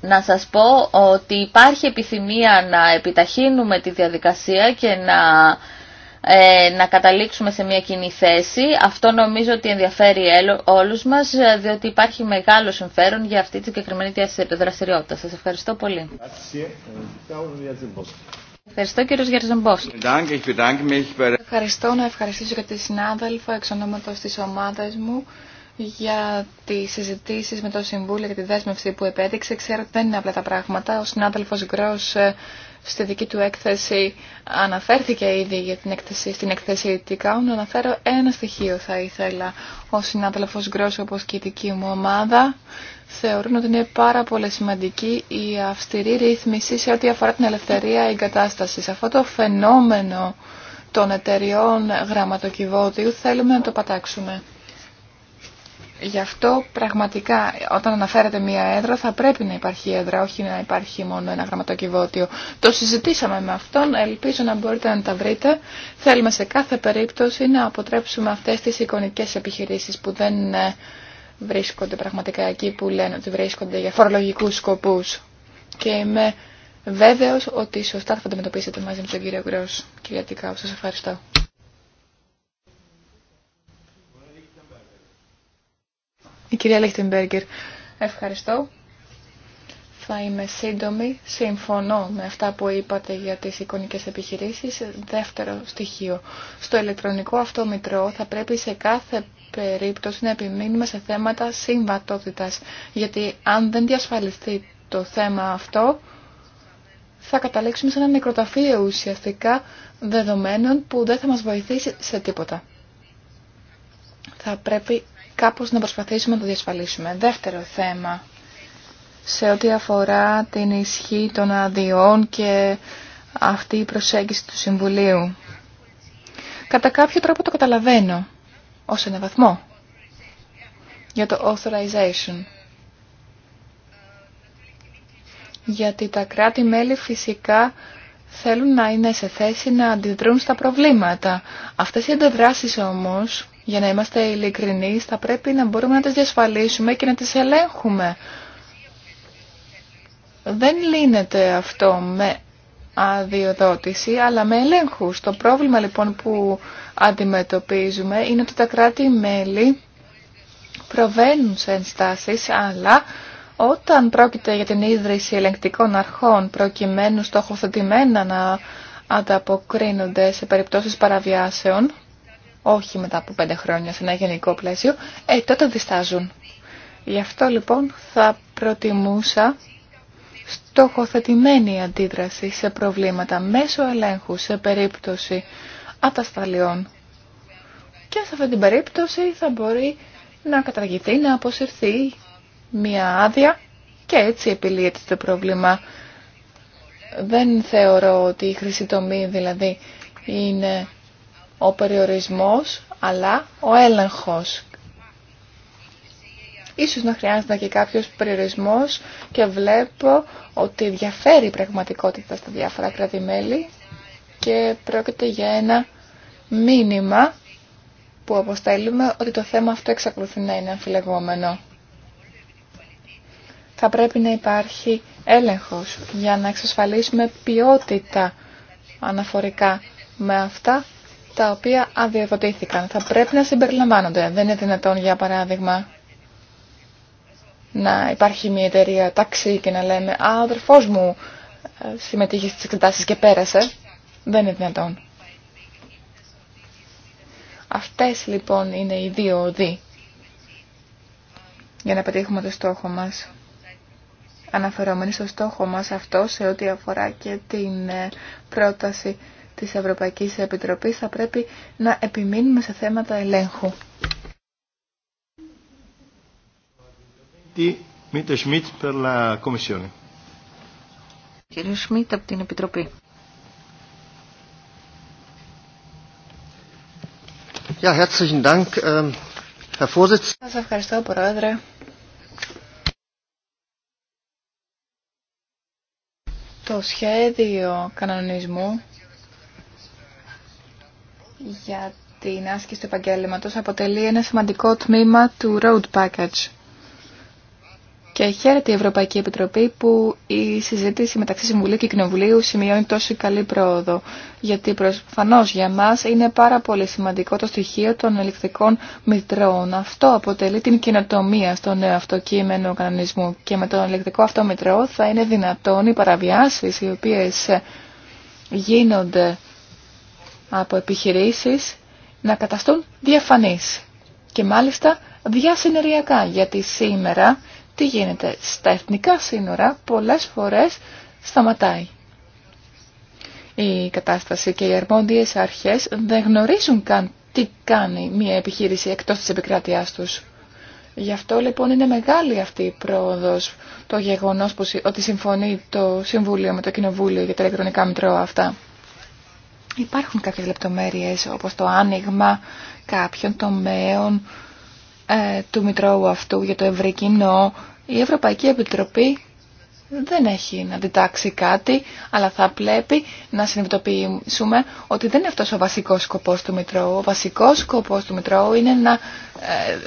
Speaker 1: να σας πω ότι υπάρχει επιθυμία να επιταχύνουμε τη διαδικασία και να ε, να καταλήξουμε σε μια κοινή θέση. Αυτό νομίζω ότι ενδιαφέρει όλους μας, ε, διότι υπάρχει μεγάλο συμφέρον για αυτή τη συγκεκριμένη δραστηριότητα. Σας ευχαριστώ πολύ. Ευχαριστώ κύριο Γερζεμπόφσκι.
Speaker 3: Ευχαριστώ να ευχαριστήσω και τη συνάδελφο εξ ονόματος της ομάδας μου για τις συζητήσεις με το Συμβούλιο και τη δέσμευση που επέδειξε. Ξέρω ότι δεν είναι απλά τα πράγματα. Ο συνάδελφος Γκρό ε, στη δική του έκθεση αναφέρθηκε ήδη για την έκθεση, στην έκθεση να Αναφέρω ένα στοιχείο θα ήθελα. Ο συνάδελφος Γκρός όπως και η δική μου ομάδα θεωρούν ότι είναι πάρα πολύ σημαντική η αυστηρή ρύθμιση σε ό,τι αφορά την ελευθερία εγκατάστασης. Αυτό το φαινόμενο των εταιριών γραμματοκιβώτιου θέλουμε να το πατάξουμε. Γι' αυτό πραγματικά όταν αναφέρεται μία έδρα θα πρέπει να υπάρχει έδρα, όχι να υπάρχει μόνο ένα γραμματοκιβώτιο. Το συζητήσαμε με αυτόν, ελπίζω να μπορείτε να τα βρείτε. Θέλουμε σε κάθε περίπτωση να αποτρέψουμε αυτές τις εικονικές επιχειρήσεις που δεν ε, βρίσκονται πραγματικά εκεί που λένε ότι βρίσκονται για φορολογικούς σκοπούς. Και είμαι βέβαιος ότι σωστά θα αντιμετωπίσετε μαζί με τον κύριο Γκρός. Κυρία Τικάου, σας ευχαριστώ. Η κυρία Λέχτεμπεργκερ. ευχαριστώ. Θα είμαι σύντομη. Συμφωνώ με αυτά που είπατε για τις εικονικές επιχειρήσεις. Δεύτερο στοιχείο. Στο ηλεκτρονικό αυτό μητρό θα πρέπει σε κάθε περίπτωση να επιμείνουμε σε θέματα συμβατότητας. Γιατί αν δεν διασφαλιστεί το θέμα αυτό, θα καταλήξουμε σε ένα νεκροταφείο ουσιαστικά δεδομένων που δεν θα μας βοηθήσει σε τίποτα. Θα πρέπει κάπως να προσπαθήσουμε να το διασφαλίσουμε. Δεύτερο θέμα, σε ό,τι αφορά την ισχύ των αδειών και αυτή η προσέγγιση του Συμβουλίου. Κατά κάποιο τρόπο το καταλαβαίνω, ως ένα βαθμό, για το authorization. Γιατί τα κράτη-μέλη φυσικά θέλουν να είναι σε θέση να αντιδρούν στα προβλήματα. Αυτές οι αντιδράσεις όμως για να είμαστε ειλικρινεί, θα πρέπει να μπορούμε να τις διασφαλίσουμε και να τις ελέγχουμε. Δεν λύνεται αυτό με αδειοδότηση, αλλά με ελέγχου. Το πρόβλημα λοιπόν που αντιμετωπίζουμε είναι ότι τα κράτη-μέλη προβαίνουν σε ενστάσεις, αλλά όταν πρόκειται για την ίδρυση ελεγκτικών αρχών προκειμένου στοχοθετημένα να ανταποκρίνονται σε περιπτώσεις παραβιάσεων, όχι μετά από πέντε χρόνια σε ένα γενικό πλαίσιο, ε, τότε διστάζουν. Γι' αυτό λοιπόν θα προτιμούσα στοχοθετημένη αντίδραση σε προβλήματα μέσω ελέγχου σε περίπτωση ατασταλιών. Και σε αυτή την περίπτωση θα μπορεί να καταργηθεί, να αποσυρθεί μια άδεια και έτσι επιλύεται το πρόβλημα. Δεν θεωρώ ότι η χρησιτομή, δηλαδή είναι ο περιορισμός αλλά ο έλεγχος. Ίσως να χρειάζεται και κάποιος περιορισμός και βλέπω ότι διαφέρει η πραγματικότητα στα διάφορα και πρόκειται για ένα μήνυμα που αποστέλουμε ότι το θέμα αυτό εξακολουθεί να είναι αμφιλεγόμενο. Θα πρέπει να υπάρχει έλεγχος για να εξασφαλίσουμε ποιότητα αναφορικά με αυτά τα οποία αδιαφωτήθηκαν. Θα πρέπει να συμπεριλαμβάνονται. Δεν είναι δυνατόν, για παράδειγμα, να υπάρχει μια εταιρεία ταξί και να λέμε «Α, ο αδερφός μου ε, συμμετείχε στις εξετάσεις και πέρασε». Δεν είναι δυνατόν. Αυτές λοιπόν είναι οι δύο οδοί για να πετύχουμε το στόχο μας. Αναφερόμενοι στο στόχο μας αυτό σε ό,τι αφορά και την ε, πρόταση της Ευρωπαϊκής Επιτροπής θα πρέπει να επιμείνουμε σε θέματα ελέγχου.
Speaker 1: Κύριε Σμίτ από την Επιτροπή.
Speaker 4: Ja, Dank, ähm, Herr Σας ευχαριστώ, Πρόεδρε.
Speaker 3: Το σχέδιο κανονισμού για την άσκηση του επαγγέλματος αποτελεί ένα σημαντικό τμήμα του Road Package. Και χαίρεται η Ευρωπαϊκή Επιτροπή που η συζήτηση μεταξύ Συμβουλίου και Κοινοβουλίου σημειώνει τόσο καλή πρόοδο. Γιατί προφανώ για μα είναι πάρα πολύ σημαντικό το στοιχείο των ελεκτικών μητρώων. Αυτό αποτελεί την κοινοτομία στο νέο αυτοκείμενο κανονισμού. Και με τον ελεκτικό αυτό μητρό θα είναι δυνατόν οι παραβιάσει οι οποίε γίνονται από επιχειρήσεις να καταστούν διαφανείς και μάλιστα διασυνεριακά γιατί σήμερα τι γίνεται στα εθνικά σύνορα πολλές φορές σταματάει. Η κατάσταση και οι αρμόδιες αρχές δεν γνωρίζουν καν τι κάνει μια επιχείρηση εκτός της επικράτειάς τους. Γι' αυτό λοιπόν είναι μεγάλη αυτή η πρόοδος το γεγονός ότι συμφωνεί το Συμβούλιο με το Κοινοβούλιο για τα ηλεκτρονικά μητρώα αυτά. Υπάρχουν κάποιες λεπτομέρειες όπως το άνοιγμα κάποιων τομέων ε, του Μητρώου αυτού για το ευρύ κοινό. Η Ευρωπαϊκή Επιτροπή δεν έχει να διτάξει κάτι, αλλά θα πρέπει να συνειδητοποιήσουμε ότι δεν είναι αυτός ο βασικός σκοπός του Μητρώου. Ο βασικός σκοπός του Μητρώου είναι να ε,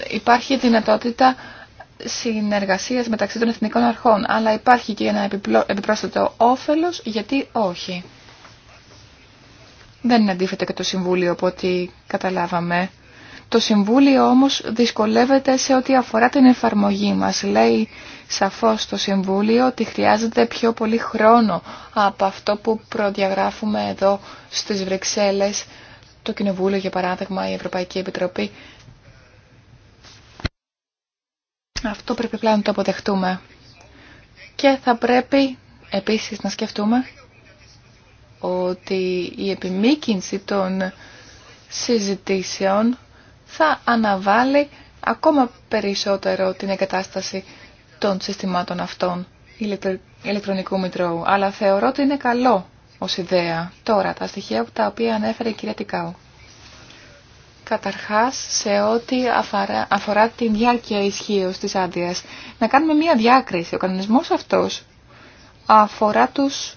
Speaker 3: υπάρχει δυνατότητα συνεργασίας μεταξύ των εθνικών αρχών, αλλά υπάρχει και ένα επιπρόσθετο όφελος, γιατί όχι. Δεν είναι και το Συμβούλιο από ό,τι καταλάβαμε. Το Συμβούλιο όμως δυσκολεύεται σε ό,τι αφορά την εφαρμογή μας. Λέει σαφώς το Συμβούλιο ότι χρειάζεται πιο πολύ χρόνο από αυτό που προδιαγράφουμε εδώ στις Βρυξέλλες, το Κοινοβούλιο για παράδειγμα, η Ευρωπαϊκή Επιτροπή. Αυτό πρέπει πλέον να το αποδεχτούμε. Και θα πρέπει επίσης να σκεφτούμε ότι η επιμήκυνση των συζητήσεων θα αναβάλει ακόμα περισσότερο την εγκατάσταση των συστημάτων αυτών ηλεκτρονικού μητρώου. Αλλά θεωρώ ότι είναι καλό ως ιδέα. Τώρα, τα στοιχεία τα οποία ανέφερε η κυρία Τικάου. Καταρχάς, σε ό,τι αφορά, την διάρκεια ισχύω της άδειας, Να κάνουμε μία διάκριση. Ο κανονισμός αυτός αφορά τους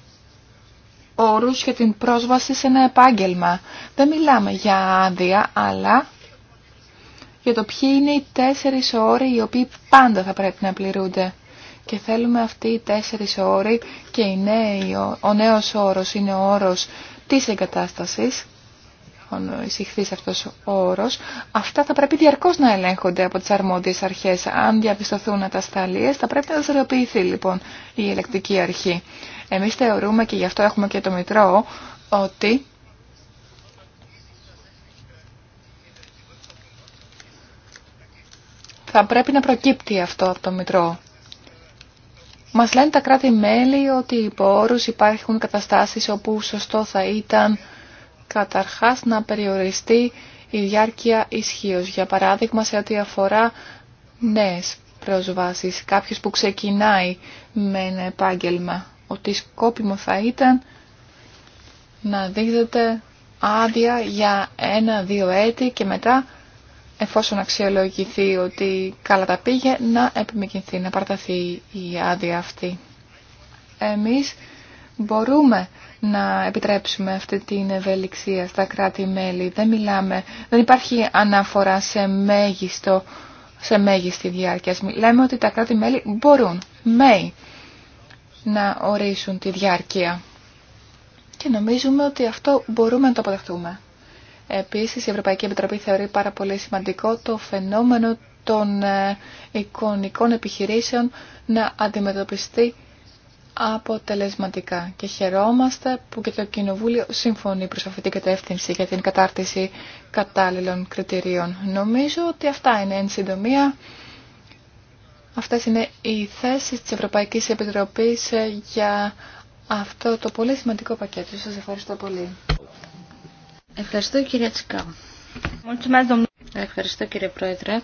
Speaker 3: όρους για την πρόσβαση σε ένα επάγγελμα. Δεν μιλάμε για άδεια, αλλά για το ποιοι είναι οι τέσσερις όροι οι οποίοι πάντα θα πρέπει να πληρούνται. Και θέλουμε αυτοί οι τέσσερις όροι και ο νέος όρος είναι ο όρος της εγκατάστασης, έχουν εισηχθεί σε αυτός ο όρος, αυτά θα πρέπει διαρκώς να ελέγχονται από τις αρμόδιες αρχές. Αν διαπιστωθούν ατασταλίες, θα πρέπει να δραστηριοποιηθεί λοιπόν η ηλεκτρική αρχή. Εμείς θεωρούμε και γι' αυτό έχουμε και το Μητρό ότι θα πρέπει να προκύπτει αυτό από το Μητρό. Μας λένε τα κράτη-μέλη ότι οι όρους υπάρχουν καταστάσεις όπου σωστό θα ήταν καταρχάς να περιοριστεί η διάρκεια ισχύω. Για παράδειγμα σε ό,τι αφορά νέες προσβάσεις, κάποιος που ξεκινάει με ένα επάγγελμα, ότι σκόπιμο θα ήταν να δίδεται άδεια για ένα-δύο έτη και μετά εφόσον αξιολογηθεί ότι καλά τα πήγε, να επιμεκυνθεί, να παραταθεί η άδεια αυτή. Εμείς μπορούμε να επιτρέψουμε αυτή την ευελιξία στα κράτη-μέλη. Δεν μιλάμε, δεν υπάρχει αναφορά σε μέγιστο, σε μέγιστη διάρκεια. Λέμε ότι τα κράτη-μέλη μπορούν, may, να ορίσουν τη διάρκεια. Και νομίζουμε ότι αυτό μπορούμε να το αποδεχτούμε. Επίσης, η Ευρωπαϊκή Επιτροπή θεωρεί πάρα πολύ σημαντικό το φαινόμενο των ε, εικονικών επιχειρήσεων να αντιμετωπιστεί αποτελεσματικά και χαιρόμαστε που και το Κοινοβούλιο συμφωνεί προς αυτή την κατεύθυνση για την κατάρτιση κατάλληλων κριτηρίων. Νομίζω ότι αυτά είναι εν συντομία. Αυτές είναι οι θέσεις της Ευρωπαϊκής Επιτροπής ε, για αυτό το πολύ σημαντικό πακέτο. Σας ευχαριστώ πολύ.
Speaker 1: Ευχαριστώ κύριε Ευχαριστώ κύριε Πρόεδρε.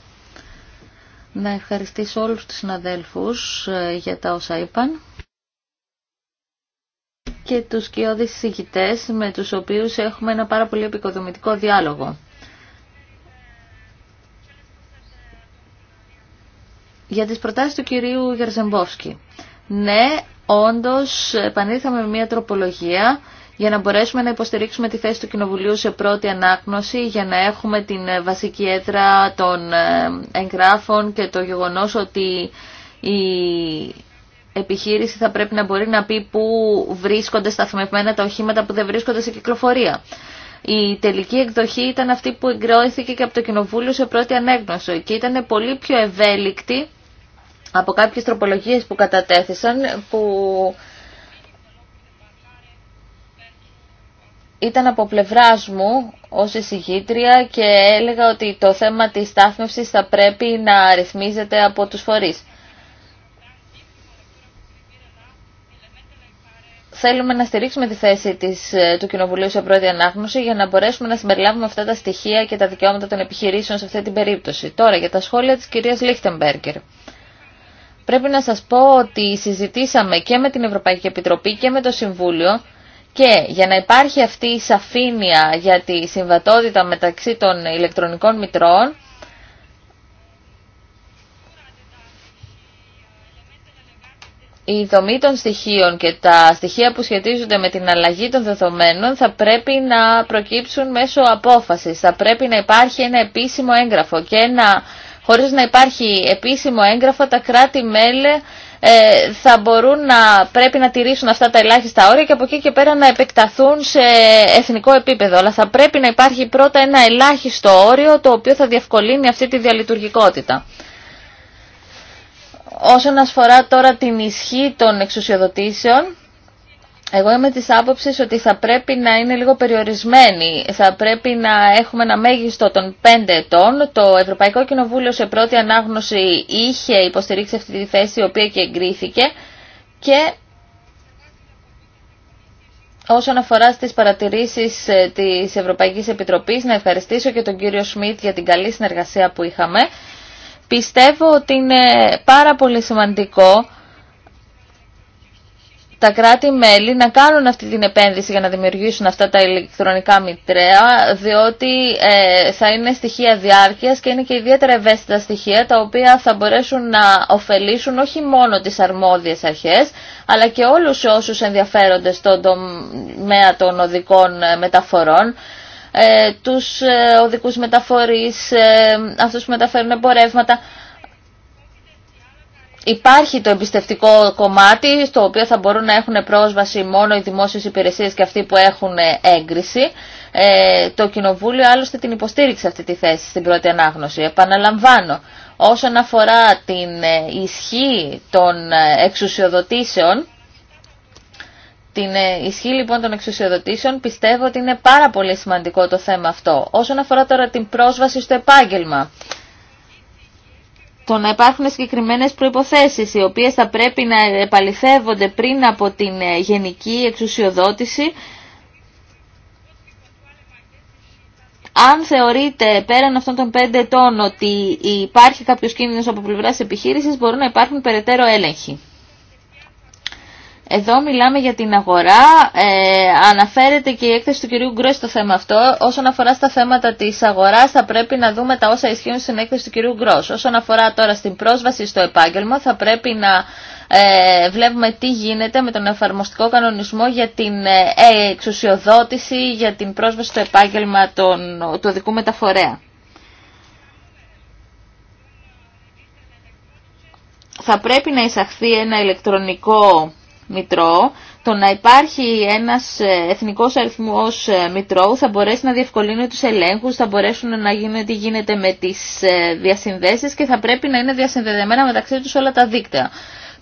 Speaker 1: Να ευχαριστήσω όλους τους συναδέλφους ε, για τα όσα είπαν και τους κοιόδης συγητές με τους οποίους έχουμε ένα πάρα πολύ επικοδομητικό διάλογο. Για τις προτάσεις του κυρίου Γερζεμπόφσκι. Ναι, όντως επανήλθαμε με μια τροπολογία για να μπορέσουμε να υποστηρίξουμε τη θέση του Κοινοβουλίου σε πρώτη ανάγνωση, για να έχουμε την βασική έδρα των ε, εγγράφων και το γεγονός ότι η επιχείρηση θα πρέπει να μπορεί να πει πού βρίσκονται σταθμευμένα τα οχήματα που δεν βρίσκονται σε κυκλοφορία. Η τελική εκδοχή ήταν αυτή που εγκρόηθηκε και από το Κοινοβούλιο σε πρώτη ανέγνωση και ήταν πολύ πιο ευέλικτη από κάποιες τροπολογίες που κατατέθησαν που ήταν από πλευρά μου ως εισηγήτρια και έλεγα ότι το θέμα της στάθμευσης θα πρέπει να ρυθμίζεται από τους φορείς. θέλουμε να στηρίξουμε τη θέση της, ε, του Κοινοβουλίου σε πρώτη ανάγνωση για να μπορέσουμε να συμπεριλάβουμε αυτά τα στοιχεία και τα δικαιώματα των επιχειρήσεων σε αυτή την περίπτωση. Τώρα για τα σχόλια της κυρίας Λίχτεμπέργκερ. Πρέπει να σας πω ότι συζητήσαμε και με την Ευρωπαϊκή Επιτροπή και με το Συμβούλιο και για να υπάρχει αυτή η σαφήνεια για τη συμβατότητα μεταξύ των ηλεκτρονικών μητρών η δομή των στοιχείων και τα στοιχεία που σχετίζονται με την αλλαγή των δεδομένων θα πρέπει να προκύψουν μέσω απόφασης. Θα πρέπει να υπάρχει ένα επίσημο έγγραφο και ένα, χωρίς να υπάρχει επίσημο έγγραφο τα κράτη-μέλη ε, θα μπορούν να πρέπει να τηρήσουν αυτά τα ελάχιστα όρια και από εκεί και πέρα να επεκταθούν σε εθνικό επίπεδο. Αλλά θα πρέπει να υπάρχει πρώτα ένα ελάχιστο όριο το οποίο θα διευκολύνει αυτή τη διαλειτουργικότητα. Όσον αφορά τώρα την ισχύ των εξουσιοδοτήσεων, εγώ είμαι της άποψης ότι θα πρέπει να είναι λίγο περιορισμένη. Θα πρέπει να έχουμε ένα μέγιστο των 5 ετών. Το Ευρωπαϊκό Κοινοβούλιο σε πρώτη ανάγνωση είχε υποστηρίξει αυτή τη θέση, η οποία και εγκρίθηκε. Και όσον αφορά στις παρατηρήσεις ε, της Ευρωπαϊκής Επιτροπής, να ευχαριστήσω και τον κύριο Σμιτ για την καλή συνεργασία που είχαμε. Πιστεύω ότι είναι πάρα πολύ σημαντικό τα κράτη-μέλη να κάνουν αυτή την επένδυση για να δημιουργήσουν αυτά τα ηλεκτρονικά μητρέα, διότι ε, θα είναι στοιχεία διάρκειας και είναι και ιδιαίτερα ευαίσθητα στοιχεία, τα οποία θα μπορέσουν να ωφελήσουν όχι μόνο τις αρμόδιες αρχές, αλλά και όλους όσους ενδιαφέρονται στον τομέα των οδικών ε, μεταφορών, ε, τους ε, οδικούς μεταφορείς, ε, αυτούς που μεταφέρουν εμπορεύματα. Υπάρχει το εμπιστευτικό κομμάτι στο οποίο θα μπορούν να έχουν πρόσβαση μόνο οι δημόσιες υπηρεσίες και αυτοί που έχουν έγκριση. Ε, το Κοινοβούλιο άλλωστε την υποστήριξε αυτή τη θέση στην πρώτη ανάγνωση. Επαναλαμβάνω, όσον αφορά την ισχύ των εξουσιοδοτήσεων, την ε, ισχύ λοιπόν των εξουσιοδοτήσεων πιστεύω ότι είναι πάρα πολύ σημαντικό το θέμα αυτό. Όσον αφορά τώρα την πρόσβαση στο επάγγελμα, το να υπάρχουν συγκεκριμένες προϋποθέσεις οι οποίες θα πρέπει να επαληθεύονται πριν από την ε, γενική εξουσιοδότηση, αν θεωρείτε πέραν αυτών των πέντε ετών ότι υπάρχει κάποιος κίνδυνος από πλευράς επιχείρησης, μπορούν να υπάρχουν περαιτέρω έλεγχοι. Εδώ μιλάμε για την αγορά, ε, αναφέρεται και η έκθεση του κυρίου Γκρος στο θέμα αυτό. Όσον αφορά στα θέματα της αγοράς θα πρέπει να δούμε τα όσα ισχύουν στην έκθεση του κυρίου Γκρό. Όσον αφορά τώρα στην πρόσβαση στο επάγγελμα θα πρέπει να ε, βλέπουμε τι γίνεται με τον εφαρμοστικό κανονισμό για την ε, εξουσιοδότηση, για την πρόσβαση στο επάγγελμα του οδικού μεταφορέα. Θα πρέπει να εισαχθεί ένα ηλεκτρονικό το να υπάρχει ένας ε, εθνικός αριθμός ε, μητρώου θα μπορέσει να διευκολύνει τους ελέγχους, θα μπορέσουν να γίνουν τι γίνεται με τις ε, διασυνδέσεις και θα πρέπει να είναι διασυνδεδεμένα μεταξύ τους όλα τα δίκτυα.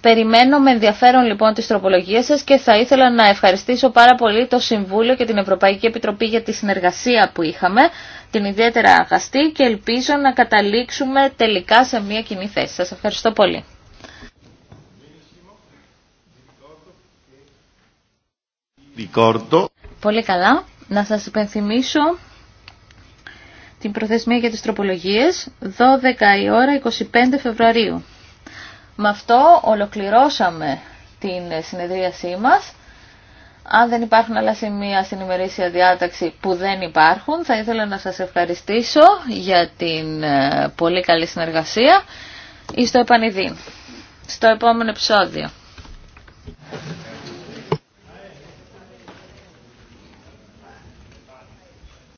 Speaker 1: Περιμένω με ενδιαφέρον λοιπόν τις τροπολογίες σας και θα ήθελα να ευχαριστήσω πάρα πολύ το Συμβούλιο και την Ευρωπαϊκή Επιτροπή για τη συνεργασία που είχαμε, την ιδιαίτερα αγαστή και ελπίζω να καταλήξουμε τελικά σε μια κοινή θέση. Σας ευχαριστώ πολύ. Πολύ καλά. Να σας υπενθυμίσω την προθεσμία για τις τροπολογίες 12 η ώρα 25 Φεβρουαρίου. Με αυτό ολοκληρώσαμε την συνεδρίασή μας. Αν δεν υπάρχουν άλλα σημεία στην ημερήσια διάταξη που δεν υπάρχουν, θα ήθελα να σας ευχαριστήσω για την ε, πολύ καλή συνεργασία ή στο επανειδή, στο επόμενο επεισόδιο.